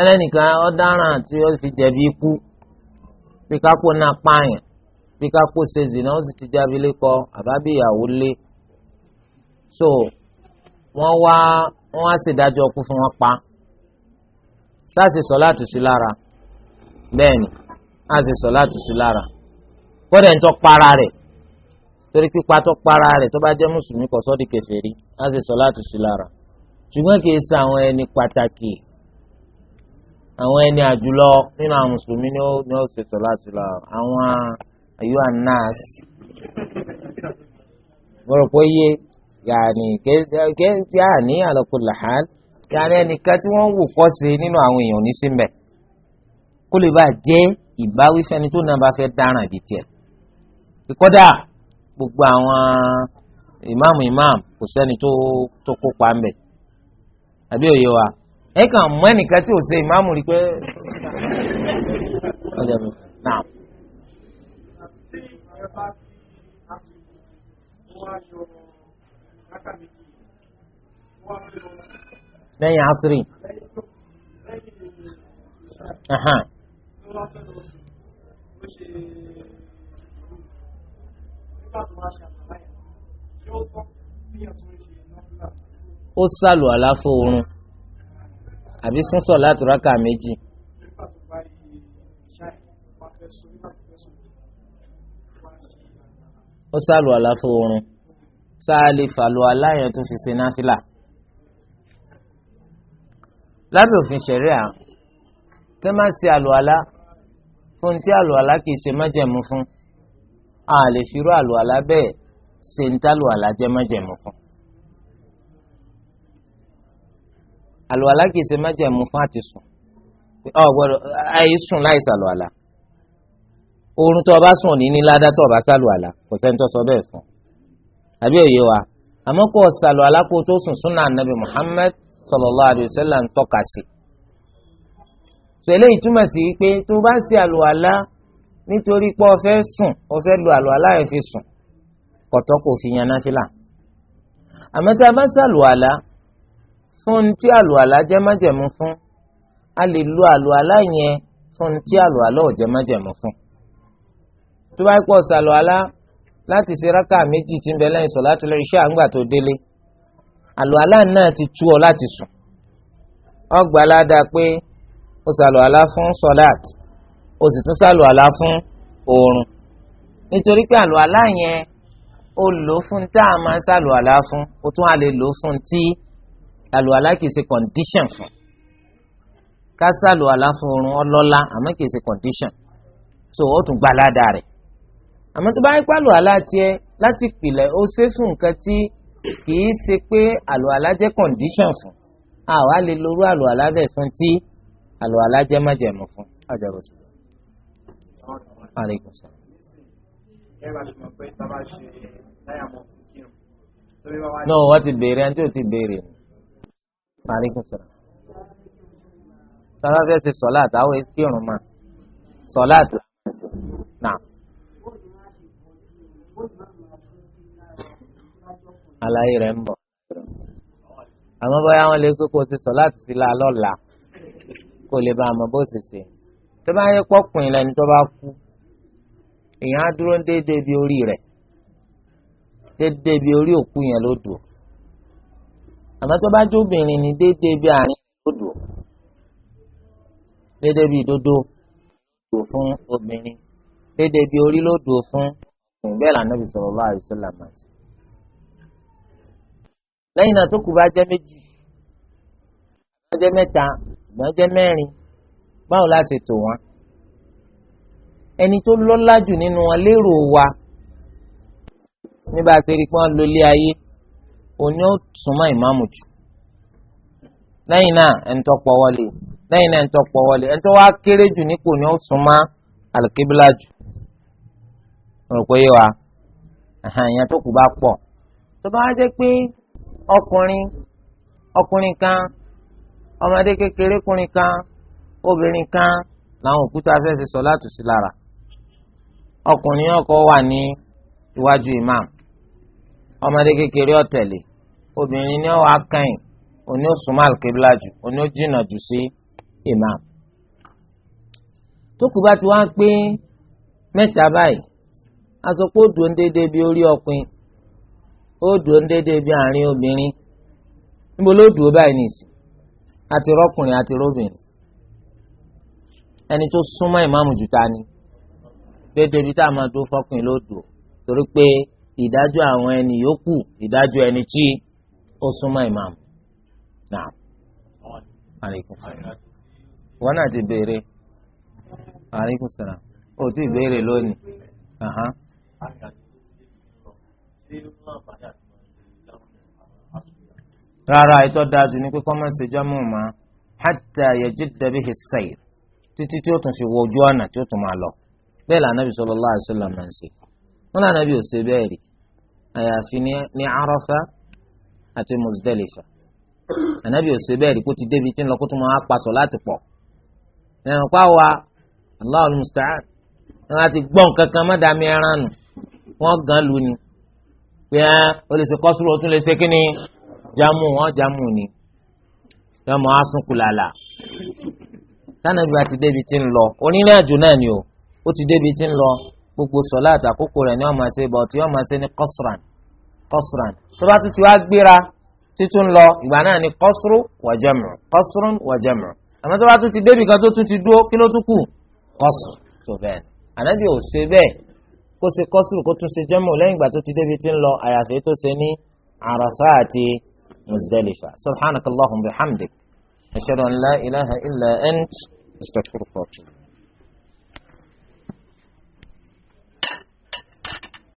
ẹlẹ́nìkan ọ̀daràn tí ó fi jẹ̀bi ikú pé kápò náà pààyàn bí ká kó ṣe zina ó sì ti jábí lékọ àbábí ìyàwó lé so wọ́n wá wọ́n wá ṣèdájọ́ ọkú fún wọn pa sáàsì sọ láti sí lára bẹ́ẹ̀ ni sáàsì sọ láti sí lára kódà ń tọ́ para rẹ̀ torí pípa tó para rẹ̀ tó bá jẹ́ mùsùlùmí kò sọ́ọ́ di kèfèrí sáàsì sọ láti sí lára ṣùgbọ́n kì í ṣe àwọn ẹni pàtàkì àwọn ẹni àjùlọ nínú àwọn mùsùlùmí ni ó ṣe sọ láti lára àwọn ayu anas mọ̀rọ̀ pé yé yàní kéèké àní àlọ́kùnlé hàn yàní ẹnìkan tí wọ́n wò kọ́ sí nínú àwọn èèyàn ní kó lè bá jẹ́ ìbáwí fẹ́ni tó náà bá fẹ́ dáràn ibi tiẹ̀ ìkọ́dà gbogbo àwọn ìmáàmù ìmáàmù kò sẹ́ni tó kópa ń àbí òye wa ẹ kàn mọ́ ẹnìkan tí ò ṣe ìmáàmù rí pé. [laughs] ẹ bá tí àsìkò wọn á yọ rákà méjì wọn á lẹ́yìn asiri. ó sàlù àlàfo oorun àbí fún láti rákà méjì ó sàlù àlàfo oorun sáàlì fàlù aláyàn tó fi ṣe náfìlà. lábẹ́ òfin ṣẹ̀ríà tẹ́ máa ṣe àlùalá fún tí àlùalá kì í ṣe májẹ̀mú fún a lè firú àlùalá bẹ́ẹ̀ ṣe ń tá àlùalá jẹ́ májẹ̀mú fún. àlùalá kì í ṣe májẹ̀mú fún àti sùn ọ̀ gbọ́dọ̀ àìsùn láìsàlùalá oorun tó o bá sùn ní ní ládá tó o bá sálù àlá kò sẹ́ni tó sọ bẹ́ẹ̀ fún àbí òye wa àmọ́ kó o sálù àlá kó o tó sùn súnà nàbì Muhammad sallallahu alayhi wa sallam ń tọ́ka sí so eléyìí túmọ̀ sí pé tó o bá sí àlù àlá nítorí pé o fẹ́ sùn o fẹ́ lu àlù àlá rẹ̀ fi sùn kọ̀tọ́ kò fi yan náfìlà àmọ́ tá a bá sálù àlá fún tí àlù àlá jẹ́ májẹ̀mú fún a lè lu àlù àlá yẹn fún tí àlù àlá ò jẹ́ májẹ̀mú fún tó bá pọ̀ sàlọ̀ alá láti ṣe rákà méjì tí ń bẹ lẹ́yìn sọ̀látul ìṣá àǹgbà tó délé àlọ́ alá náà ti tú ọ láti sùn ọgbà ládàá pé ó sàlọ̀ alá fún sọ̀lát ó sì tún sàlọ̀ alá fún oorun nítorí pé àlọ́ alá yẹn ó lò fún tá a máa sàlọ̀ alá fún ó tún á lè lò fún tí àlọ́ alá kìí ṣe condition fún ká sàlọ̀ alá fún oorun ọlọ́lá àmọ́ kìí ṣe condition so ó tún gbà ládàá rẹ̀ àmọ́ tó bá ń pàlọ́ aláàtiẹ láti pìlẹ̀ ó ṣẹ́sùn nǹkan tí kìí ṣe pé àlọ́ alájẹ́ condition fún àwa lè lorú àlọ́ alábẹ̀ fún tí àlọ́ alájẹ́ má jẹ̀mú fún àjọrò sí. náà wọ́n ti béèrè ẹni tí ò ti béèrè ni. Sọlá fẹ́ ṣe sọlá àtàwọn èsì ìrùn mọ́. Sọlá àtàwọn èsì. Náà àlàyé rẹ̀ ń bọ̀ àmọ́ bóyá wọ́n lè kó kó o ti sọ láti sí la lọ́la kó o lè bá a mọ̀ bó o sì ṣe tó bá yẹ pọ́kùnrin lẹ́ni tó bá kú èèyàn á dúró déédéé bí orí rẹ̀ déédéé bí orí òkú yẹn ló dùn àmọ́ tó bá jó obìnrin ni déédéé bí àárín ló dùn déédéé bí dodo dùn fún obìnrin déédéé bí orí ló dùn fún bẹ́ẹ̀ là nàbì sallallahu alaihi wasallam máa ṣe. lẹ́yìn náà tó kù bá jẹ́ méjì bá jẹ́ mẹ́ta bá jẹ́ mẹ́rin báwo la ṣe tò wọ́n. ẹni tó lọ́lá jù nínú wọn lérò wa ní bá a ṣe rí i pé wọ́n lo ilé ayé òní ó súnmọ́ ìmáàmù jù lẹ́yìn náà ẹni tó pọ̀ wọlé lẹ́yìn náà ẹni pọ̀ wọlé ẹni tó kéré jù nípò ni ó súnmọ́ àlùkíbílà jù rò pé wa èèyàn tó kù bá pọ̀ tó bá jẹ́ pé ọkùnrin ọkùnrin kan ọmọdé kékeré kùnrin kan obìnrin kan làwọn òkúta fẹ́ fi sọ láti sí lára ọkùnrin ọkọ wà ní iwájú imam ọmọdé kékeré ọ̀tẹ̀lẹ̀ obìnrin ni ọwọ́ akẹ́yìn oní òsùnmáà kébìlà jù oní òjìnà jù sí imam tó kù bá ti wá pé mẹ́ta báyìí aṣọ pé ó dùn déédé bí orí ọpin ó dùn déédé bí àárín obìnrin níbo ló dùn báyìí nìsí àti rọkùnrin àti rọbìnrin ẹni tó súnmọ́ ìmáàmù jùtá ni déédé bí tá a máa dún fọkùnrin ló dùn torí pé ìdájọ́ àwọn ẹni yòókù ìdájọ́ ẹni tí ó súnmọ́ ìmáàmù náà wọn náà ti béèrè àríkùn ó ti béèrè lónìí àti àdúgbò ti lè fi lọ ṣé ló fún àǹfààní àti máa ṣe jámù rárá ètò dájú ní pé kọ́mọ̀ ṣe jámù máa hatta yajidda bihi sayr títí tí ó tún fi wọ ojú ọ̀nà tí ó tún máa lọ bẹ́ẹ̀ lànà bí sallallahu alaihi ṣe wọn lànà bí ṣe bẹ́ẹ̀ rí àyàfi ní Arafa àti Muzdalifa ànábì ó ṣe bẹ́ẹ̀ rí kó ti débi tí ń lọ kó tún máa paṣọ láti pọ̀ ẹ̀ràn pa wa Allahul musta'an wọn ti gbọ́ nǹkan kan ẹran nù wọ́n gan lu ni pé ẹ o lè ṣe kọ́sùrù o tún lè ṣe kí ni jamu wọ́n jamu ni jamu asukulala tánàbí bá ti débi tí ń lọ onírìn àjò náà ni o ó ti débi tí ń lọ gbogbo sọlá àtàkókò rẹ̀ ni wọ́n máa ṣe bọ̀ tí wọ́n máa ṣe ní kọ́sùràn kọ́sùràn tó bá tún wá gbéra títún lọ ìgbà náà ni kọ́sùrù wàjẹmù kọ́sùrù wàjẹmù àmọ́ tó bá tún ti débi kan tó tún ti dúró kí ló tún kù kọ́sù tó bẹ́ẹ̀ ànábì ò ṣe bẹ́ẹ̀ kó ṣe kọ́sùrù kó tún ṣe jẹ́mọ̀ lẹ́yìn ìgbà tó ti débi tí ń lọ àyàfi tó ṣe ní àràfà àti muzdalifa subhanakallahumma bihamdik ashhadu an la ilaha illa ant astaghfiruka wa atubu